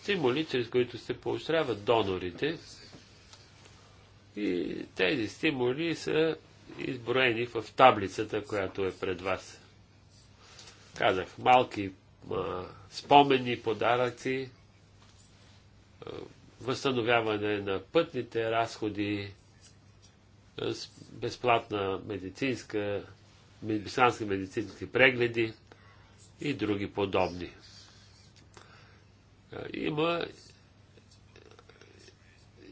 Стимули, чрез които се поощряват донорите. И тези стимули са изброени в таблицата, която е пред вас. Казах, малки а, спомени, подаръци, а, възстановяване на пътните разходи, е, безплатна медицинска, медицински, медицински прегледи и други подобни. Е, има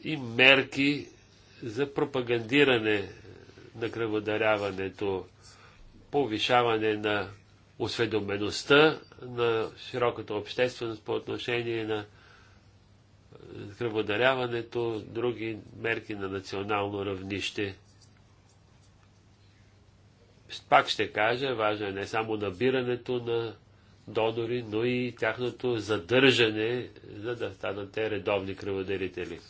и мерки за пропагандиране на кръводаряването, повишаване на осведомеността на широката общественост по отношение на кръводаряването, други мерки на национално равнище. Пак ще кажа, важно е не само набирането на донори, но и тяхното задържане, за да станат те редовни кръводарители.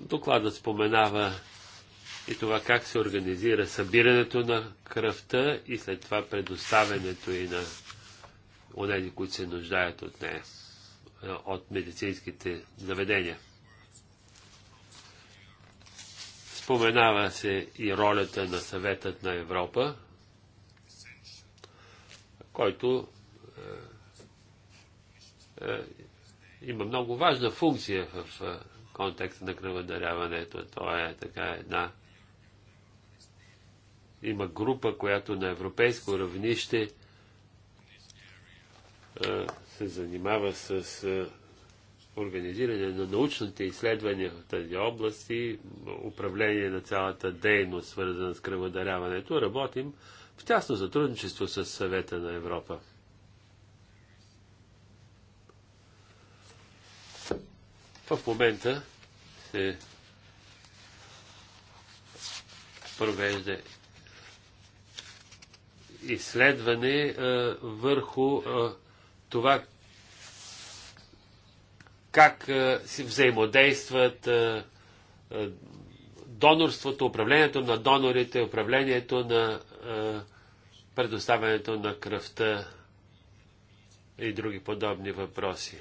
Докладът споменава и това как се организира събирането на кръвта и след това предоставянето и на онези, които се нуждаят от нея, от медицинските заведения. Споменава се и ролята на съветът на Европа, който е, е, има много важна функция в е, контекста на кръводаряването. Това е така една има група, която на европейско равнище се занимава с организиране на научните изследвания в тази област и управление на цялата дейност, свързана с кръводаряването. Работим в тясно сътрудничество с съвета на Европа. В момента се провежда изследване е, върху е, това как е, си взаимодействат донорството, управлението на донорите, управлението на предоставянето на кръвта и други подобни въпроси.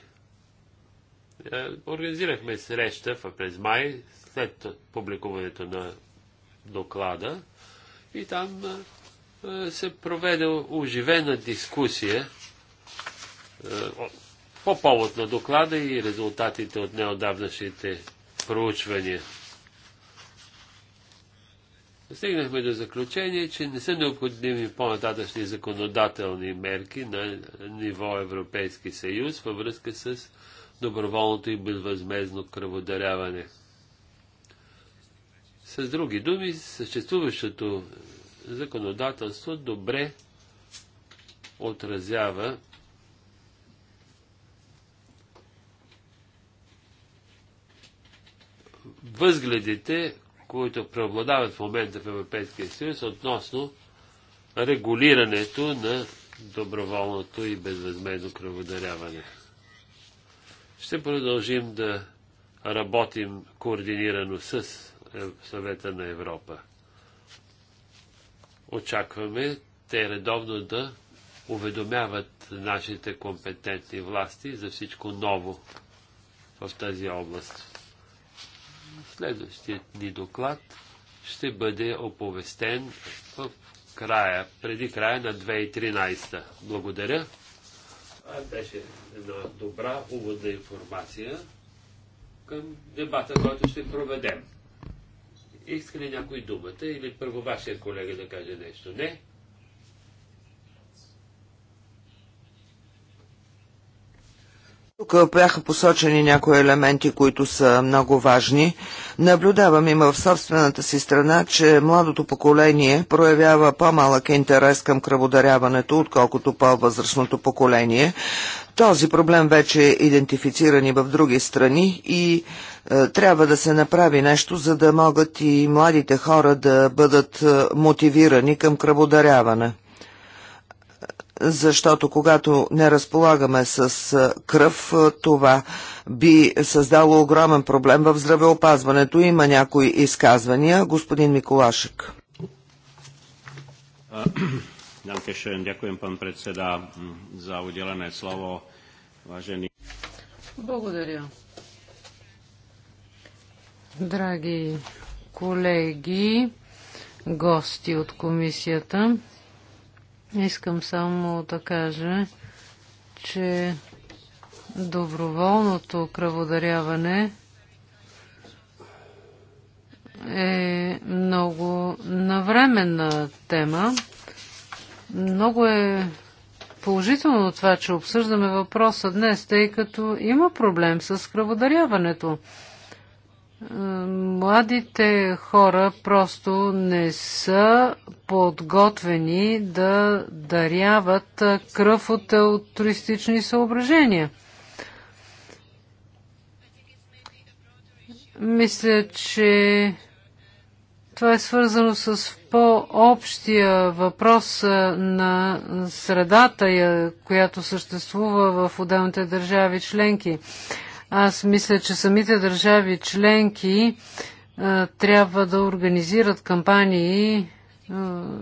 Организирахме среща през май, след публикуването на доклада, и там е, се проведе оживена дискусия е, по повод на доклада и резултатите от неодавнашните проучвания. Стигнахме до заключение, че не са необходими по-нататъчни законодателни мерки на ниво Европейски съюз във връзка с доброволното и безвъзмезно кръводаряване. С други думи, съществуващото законодателство добре отразява възгледите, които преобладават в момента в Европейския съюз относно регулирането на доброволното и безвъзмезно кръводаряване. Ще продължим да работим координирано с е, Съвета на Европа. Очакваме те редовно да уведомяват нашите компетентни власти за всичко ново в тази област. Следващият ни доклад ще бъде оповестен в края, преди края на 2013. Благодаря. Това беше една добра уводна информация към дебата, който ще проведем. Иска ли някой думата или първо вашия колега да каже нещо? Не? Тук бяха посочени някои елементи, които са много важни. Наблюдавам има в собствената си страна, че младото поколение проявява по-малък интерес към кръводаряването, отколкото по-възрастното поколение. Този проблем вече е идентифициран и в други страни и е, трябва да се направи нещо, за да могат и младите хора да бъдат е, мотивирани към кръводаряване. Защото когато не разполагаме с е, кръв, това би създало огромен проблем в здравеопазването. Има някои изказвания. Господин Миколашек. Ďakujem, pán Благодаря, Драги колеги, гости от комисията, искам само да кажа, че доброволното кръводаряване е много навременна тема. Много е положително това, че обсъждаме въпроса днес, тъй като има проблем с кръводаряването. Младите хора просто не са подготвени да даряват кръв от туристични съображения. Мисля, че това е свързано с по-общия въпрос на средата, която съществува в отделните държави членки. Аз мисля, че самите държави членки трябва да организират кампании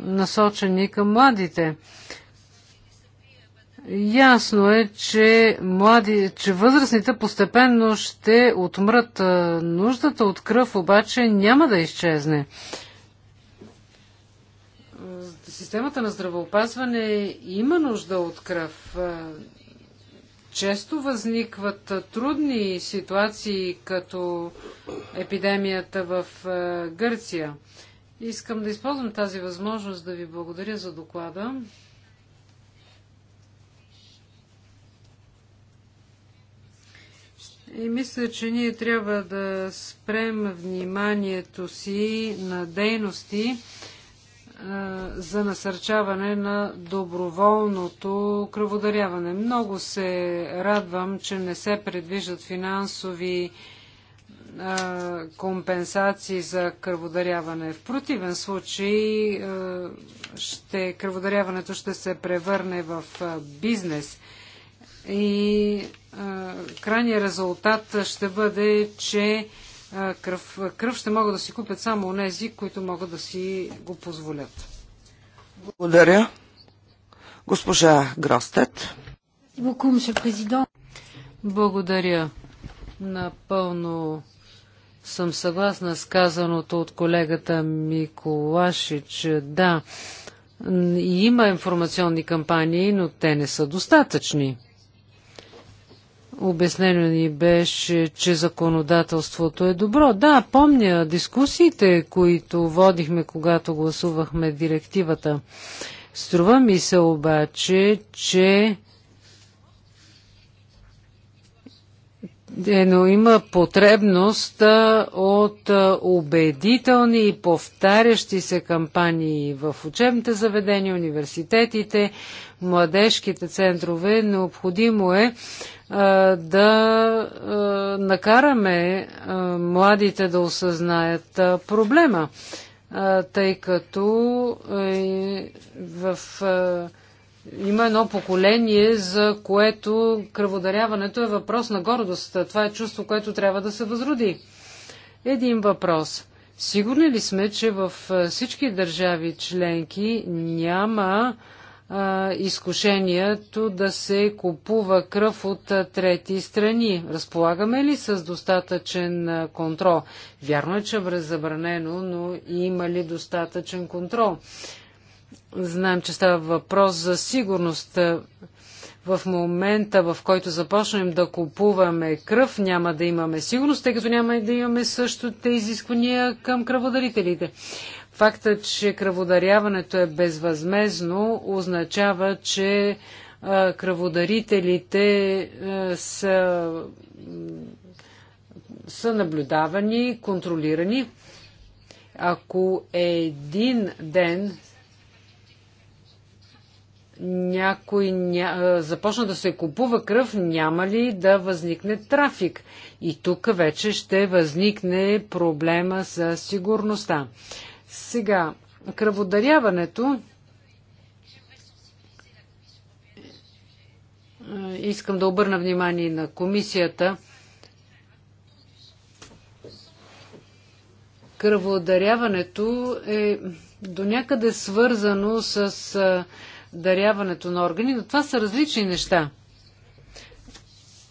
насочени към младите. Ясно е, че, млади, че възрастните постепенно ще отмрат. Нуждата от кръв обаче няма да изчезне. Системата на здравеопазване има нужда от кръв. Често възникват трудни ситуации, като епидемията в Гърция. Искам да използвам тази възможност да ви благодаря за доклада. И мисля, че ние трябва да спрем вниманието си на дейности, за насърчаване на доброволното кръводаряване. Много се радвам, че не се предвиждат финансови компенсации за кръводаряване. В противен случай ще, кръводаряването ще се превърне в бизнес и крайният резултат ще бъде, че кръв. Кръв ще могат да си купят само онези, които могат да си го позволят. Благодаря. Госпожа Гростет. Благодаря. Напълно съм съгласна с казаното от колегата Миколашич. Да, има информационни кампании, но те не са достатъчни. Обяснено ни беше, че законодателството е добро. Да, помня дискусиите, които водихме, когато гласувахме директивата. Струва ми се обаче, че Е, но има потребност от убедителни и повтарящи се кампании в учебните заведения, университетите, младежките центрове. Необходимо е да накараме младите да осъзнаят проблема, тъй като е, в има едно поколение, за което кръводаряването е въпрос на гордост. Това е чувство, което трябва да се възроди. Един въпрос. Сигурни ли сме, че в всички държави членки няма а, изкушението да се купува кръв от трети страни? Разполагаме ли с достатъчен контрол? Вярно е, че е забранено, но има ли достатъчен контрол? Знаем, че става въпрос за сигурност. В момента, в който започнем да купуваме кръв, няма да имаме сигурност, тъй като няма да имаме същите изисквания към кръводарителите. Факта, че кръводаряването е безвъзмезно, означава, че кръводарителите са, са наблюдавани, контролирани. Ако един ден някой ня... започна да се купува кръв, няма ли да възникне трафик? И тук вече ще възникне проблема с сигурността. Сега, кръводаряването. Искам да обърна внимание на комисията. Кръводаряването е до някъде свързано с даряването на органи, но това са различни неща.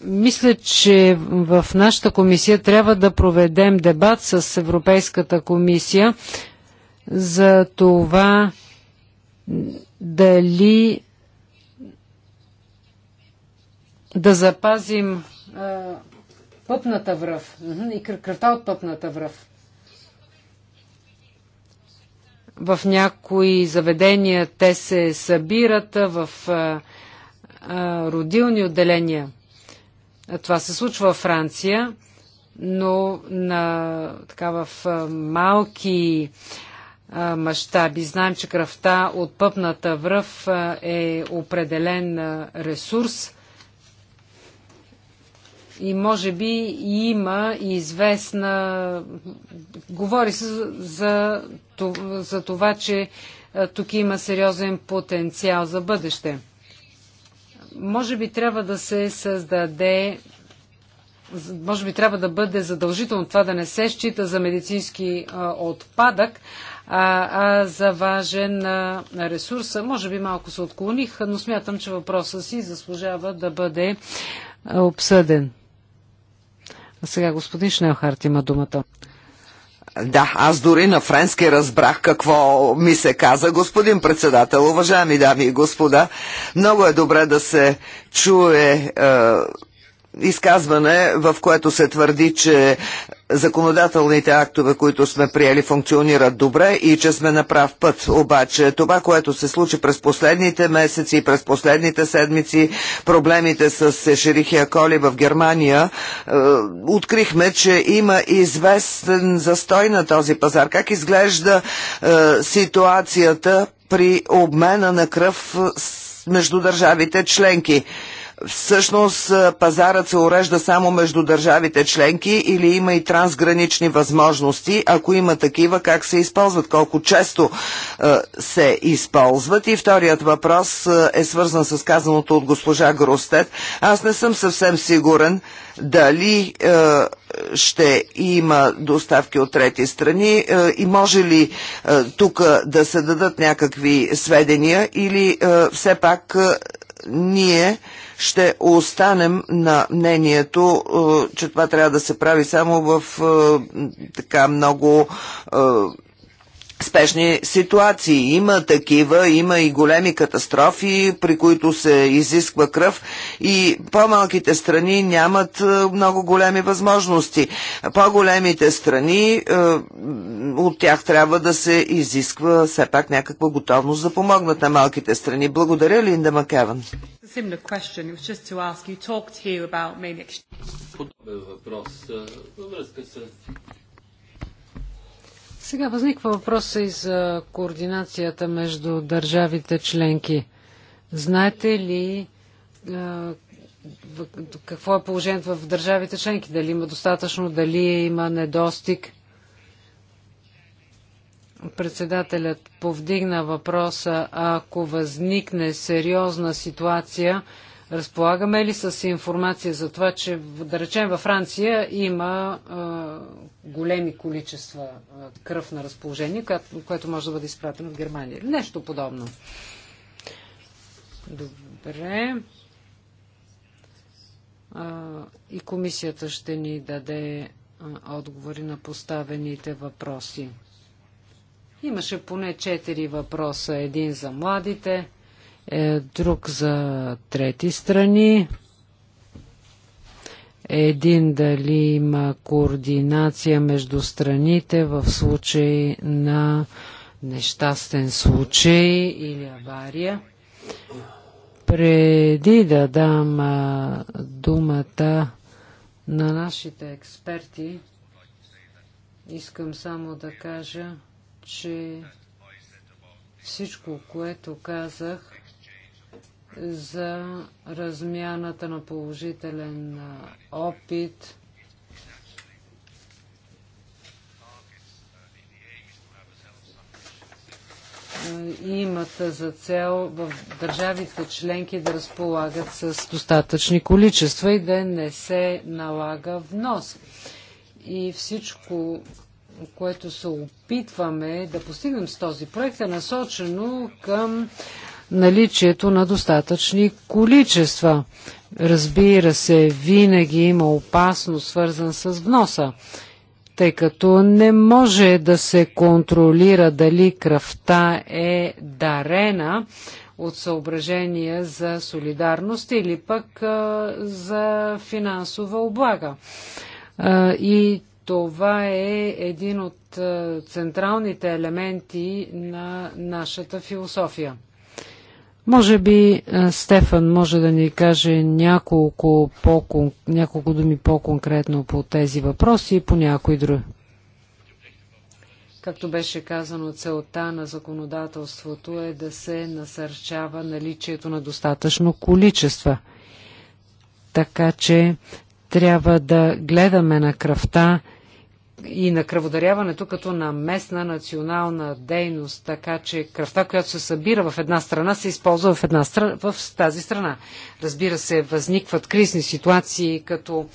Мисля, че в нашата комисия трябва да проведем дебат с Европейската комисия за това дали да запазим пъпната връв и кръвта от пъпната връв. В някои заведения те се събират в родилни отделения. Това се случва в Франция, но на, така, в малки мащаби. Знаем, че кръвта от пъпната връв е определен ресурс и може би има известна... Говори се за, за това, че тук има сериозен потенциал за бъдеще. Може би трябва да се създаде може би трябва да бъде задължително това да не се счита за медицински а, отпадък, а, а за важен а, ресурс. Може би малко се отклоних, но смятам, че въпросът си заслужава да бъде обсъден. Сега господин Шнелхарт има думата. Да, аз дори на френски разбрах какво ми се каза, господин председател. Уважаеми дами и господа, много е добре да се чуе е, изказване, в което се твърди, че е, законодателните актове, които сме приели, функционират добре и че сме на прав път. Обаче това, което се случи през последните месеци и през последните седмици, проблемите с Шерихия Коли в Германия, е, открихме, че има известен застой на този пазар. Как изглежда е, ситуацията при обмена на кръв между държавите членки? всъщност пазарът се урежда само между държавите членки или има и трансгранични възможности? Ако има такива, как се използват? Колко често е, се използват? И вторият въпрос е свързан с казаното от госпожа Гростет. Аз не съм съвсем сигурен дали е, ще има доставки от трети страни е, и може ли е, тук да се дадат някакви сведения или все пак ние ще останем на мнението, е, че това трябва да се прави само в е, така много е, спешни ситуации. Има такива, има и големи катастрофи, при които се изисква кръв и по-малките страни нямат е, много големи възможности. По-големите страни, е, от тях трябва да се изисква все пак някаква готовност да помогнат на малките страни. Благодаря, Линда Макеван. Подобен въпрос е, във връзка с сега възниква въпроса и за координацията между държавите членки. Знаете ли какво е положението в държавите членки? Дали има достатъчно, дали има недостиг? Председателят повдигна въпроса, ако възникне сериозна ситуация, Разполагаме ли с информация за това, че да речем във Франция има а, големи количества а, кръв на разположение, която, което може да бъде изпратено в Германия? Нещо подобно. Добре. А, и комисията ще ни даде а, отговори на поставените въпроси. Имаше поне четири въпроса. Един за младите е друг за трети страни. Един дали има координация между страните в случай на нещастен случай или авария. Преди да дам думата на нашите експерти, искам само да кажа, че всичко, което казах, за размяната на положителен опит. имат за цел в държавите членки да разполагат с достатъчни количества и да не се налага внос. И всичко, което се опитваме да постигнем с този проект е насочено към наличието на достатъчни количества. Разбира се, винаги има опасност, свързан с вноса, тъй като не може да се контролира дали кръвта е дарена от съображения за солидарност или пък а, за финансова облага. А, и това е един от централните елементи на нашата философия. Може би е, Стефан може да ни каже няколко, по, няколко думи по-конкретно по тези въпроси и по някои други. Както беше казано, целта на законодателството е да се насърчава наличието на достатъчно количества. Така че трябва да гледаме на кръвта и на кръводаряването като на местна национална дейност, така че кръвта, която се събира в една страна, се използва в, една страна, в тази страна. Разбира се, възникват кризни ситуации, като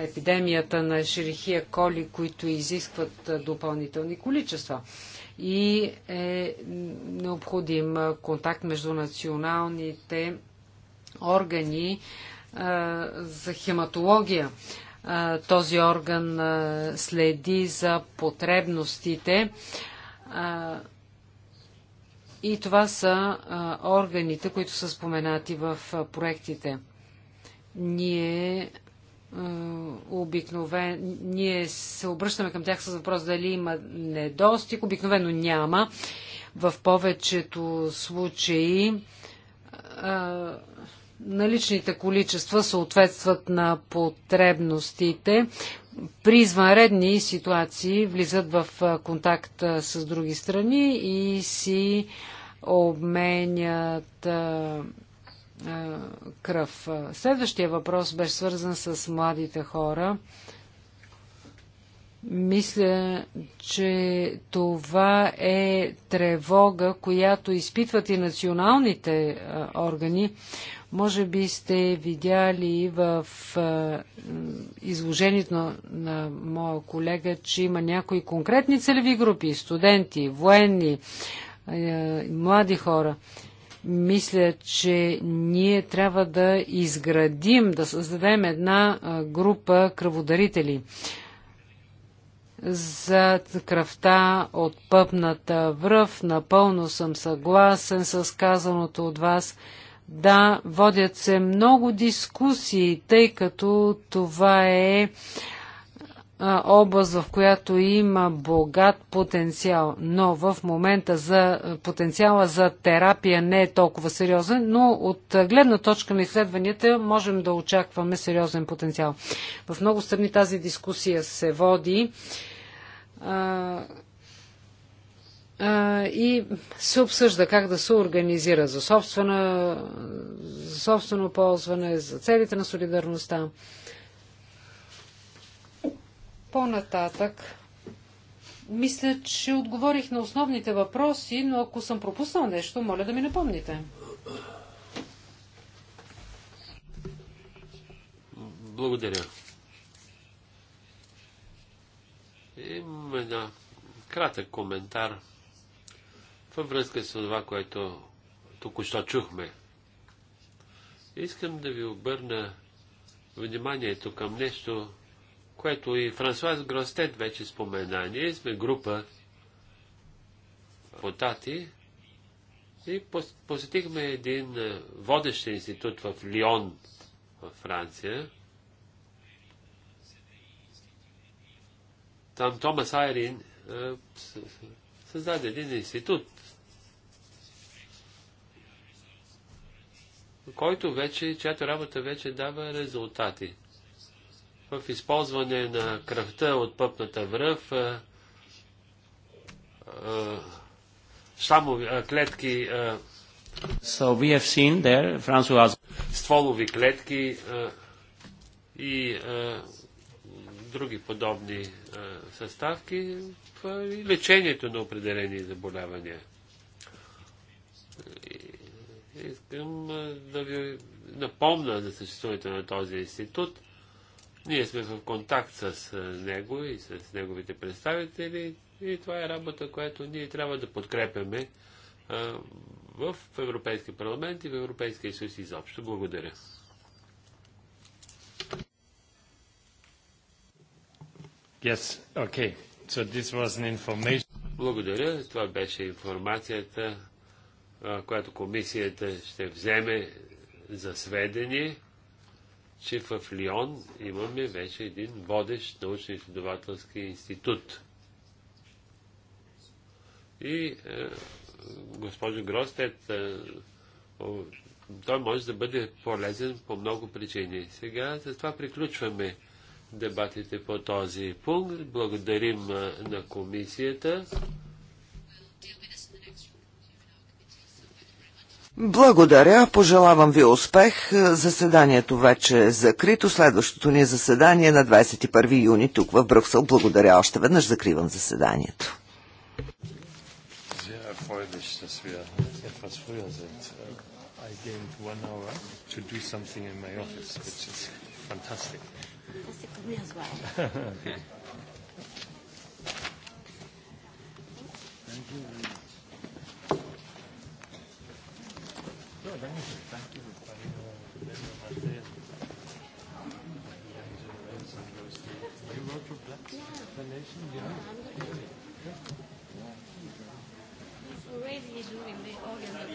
епидемията на шерихия коли, които изискват допълнителни количества. И е необходим контакт между националните органи за хематология този орган следи за потребностите. И това са органите, които са споменати в проектите. Ние обикновено, Ние се обръщаме към тях с въпрос дали има недостиг. Обикновено няма. В повечето случаи наличните количества съответстват на потребностите. При извънредни ситуации влизат в контакт с други страни и си обменят кръв. Следващия въпрос беше свързан с младите хора. Мисля, че това е тревога, която изпитват и националните органи. Може би сте видяли в изложението на, на моя колега, че има някои конкретни целеви групи студенти, военни, млади хора. Мисля, че ние трябва да изградим, да създадем една група кръводарители за кръвта от пъпната връв. Напълно съм съгласен с казаното от вас. Да, водят се много дискусии, тъй като това е област, в която има богат потенциал, но в момента за потенциала за терапия не е толкова сериозен, но от гледна точка на изследванията можем да очакваме сериозен потенциал. В много страни тази дискусия се води а, а, и се обсъжда как да се организира за, собствено, за собствено ползване, за целите на солидарността. По-нататък. Мисля, че отговорих на основните въпроси, но ако съм пропуснал нещо, моля да ми напомните. Благодаря. Имам една кратък коментар във връзка с това, което току-що чухме. Искам да ви обърна вниманието към нещо, което и Франсуаз Гростет вече спомена. Ние сме група потати и посетихме един водещ институт в Лион, в Франция, Там Томас Айрин създаде един институт, който вече, чиято работа вече дава резултати. В използване на кръвта от пъпната връв, само клетки, so we have seen there, François... стволови клетки и други подобни съставки в лечението на определени заболявания. Искам да ви напомна за съществуването на този институт. Ние сме в контакт с него и с неговите представители и това е работа, която ние трябва да подкрепяме в Европейския парламент и в Европейския съюз изобщо. Благодаря. Yes, okay. So this was an information. Благодаря. Това беше информацията, която комисията ще вземе за сведение, че в Лион имаме вече един водещ научно-изследователски институт. И е, госпожо Гростет, е, той може да бъде полезен по много причини. Сега с това приключваме дебатите по този пункт. Благодарим на комисията. Благодаря, пожелавам ви успех. Заседанието вече е закрито. Следващото ни е заседание на 21 юни тук в Брюксел. Благодаря още веднъж. Закривам заседанието. Fantastic okay. Thank you very much. thank you. Thank you. You work for Black yeah. Nation? Yeah. yeah. He's already doing the organ.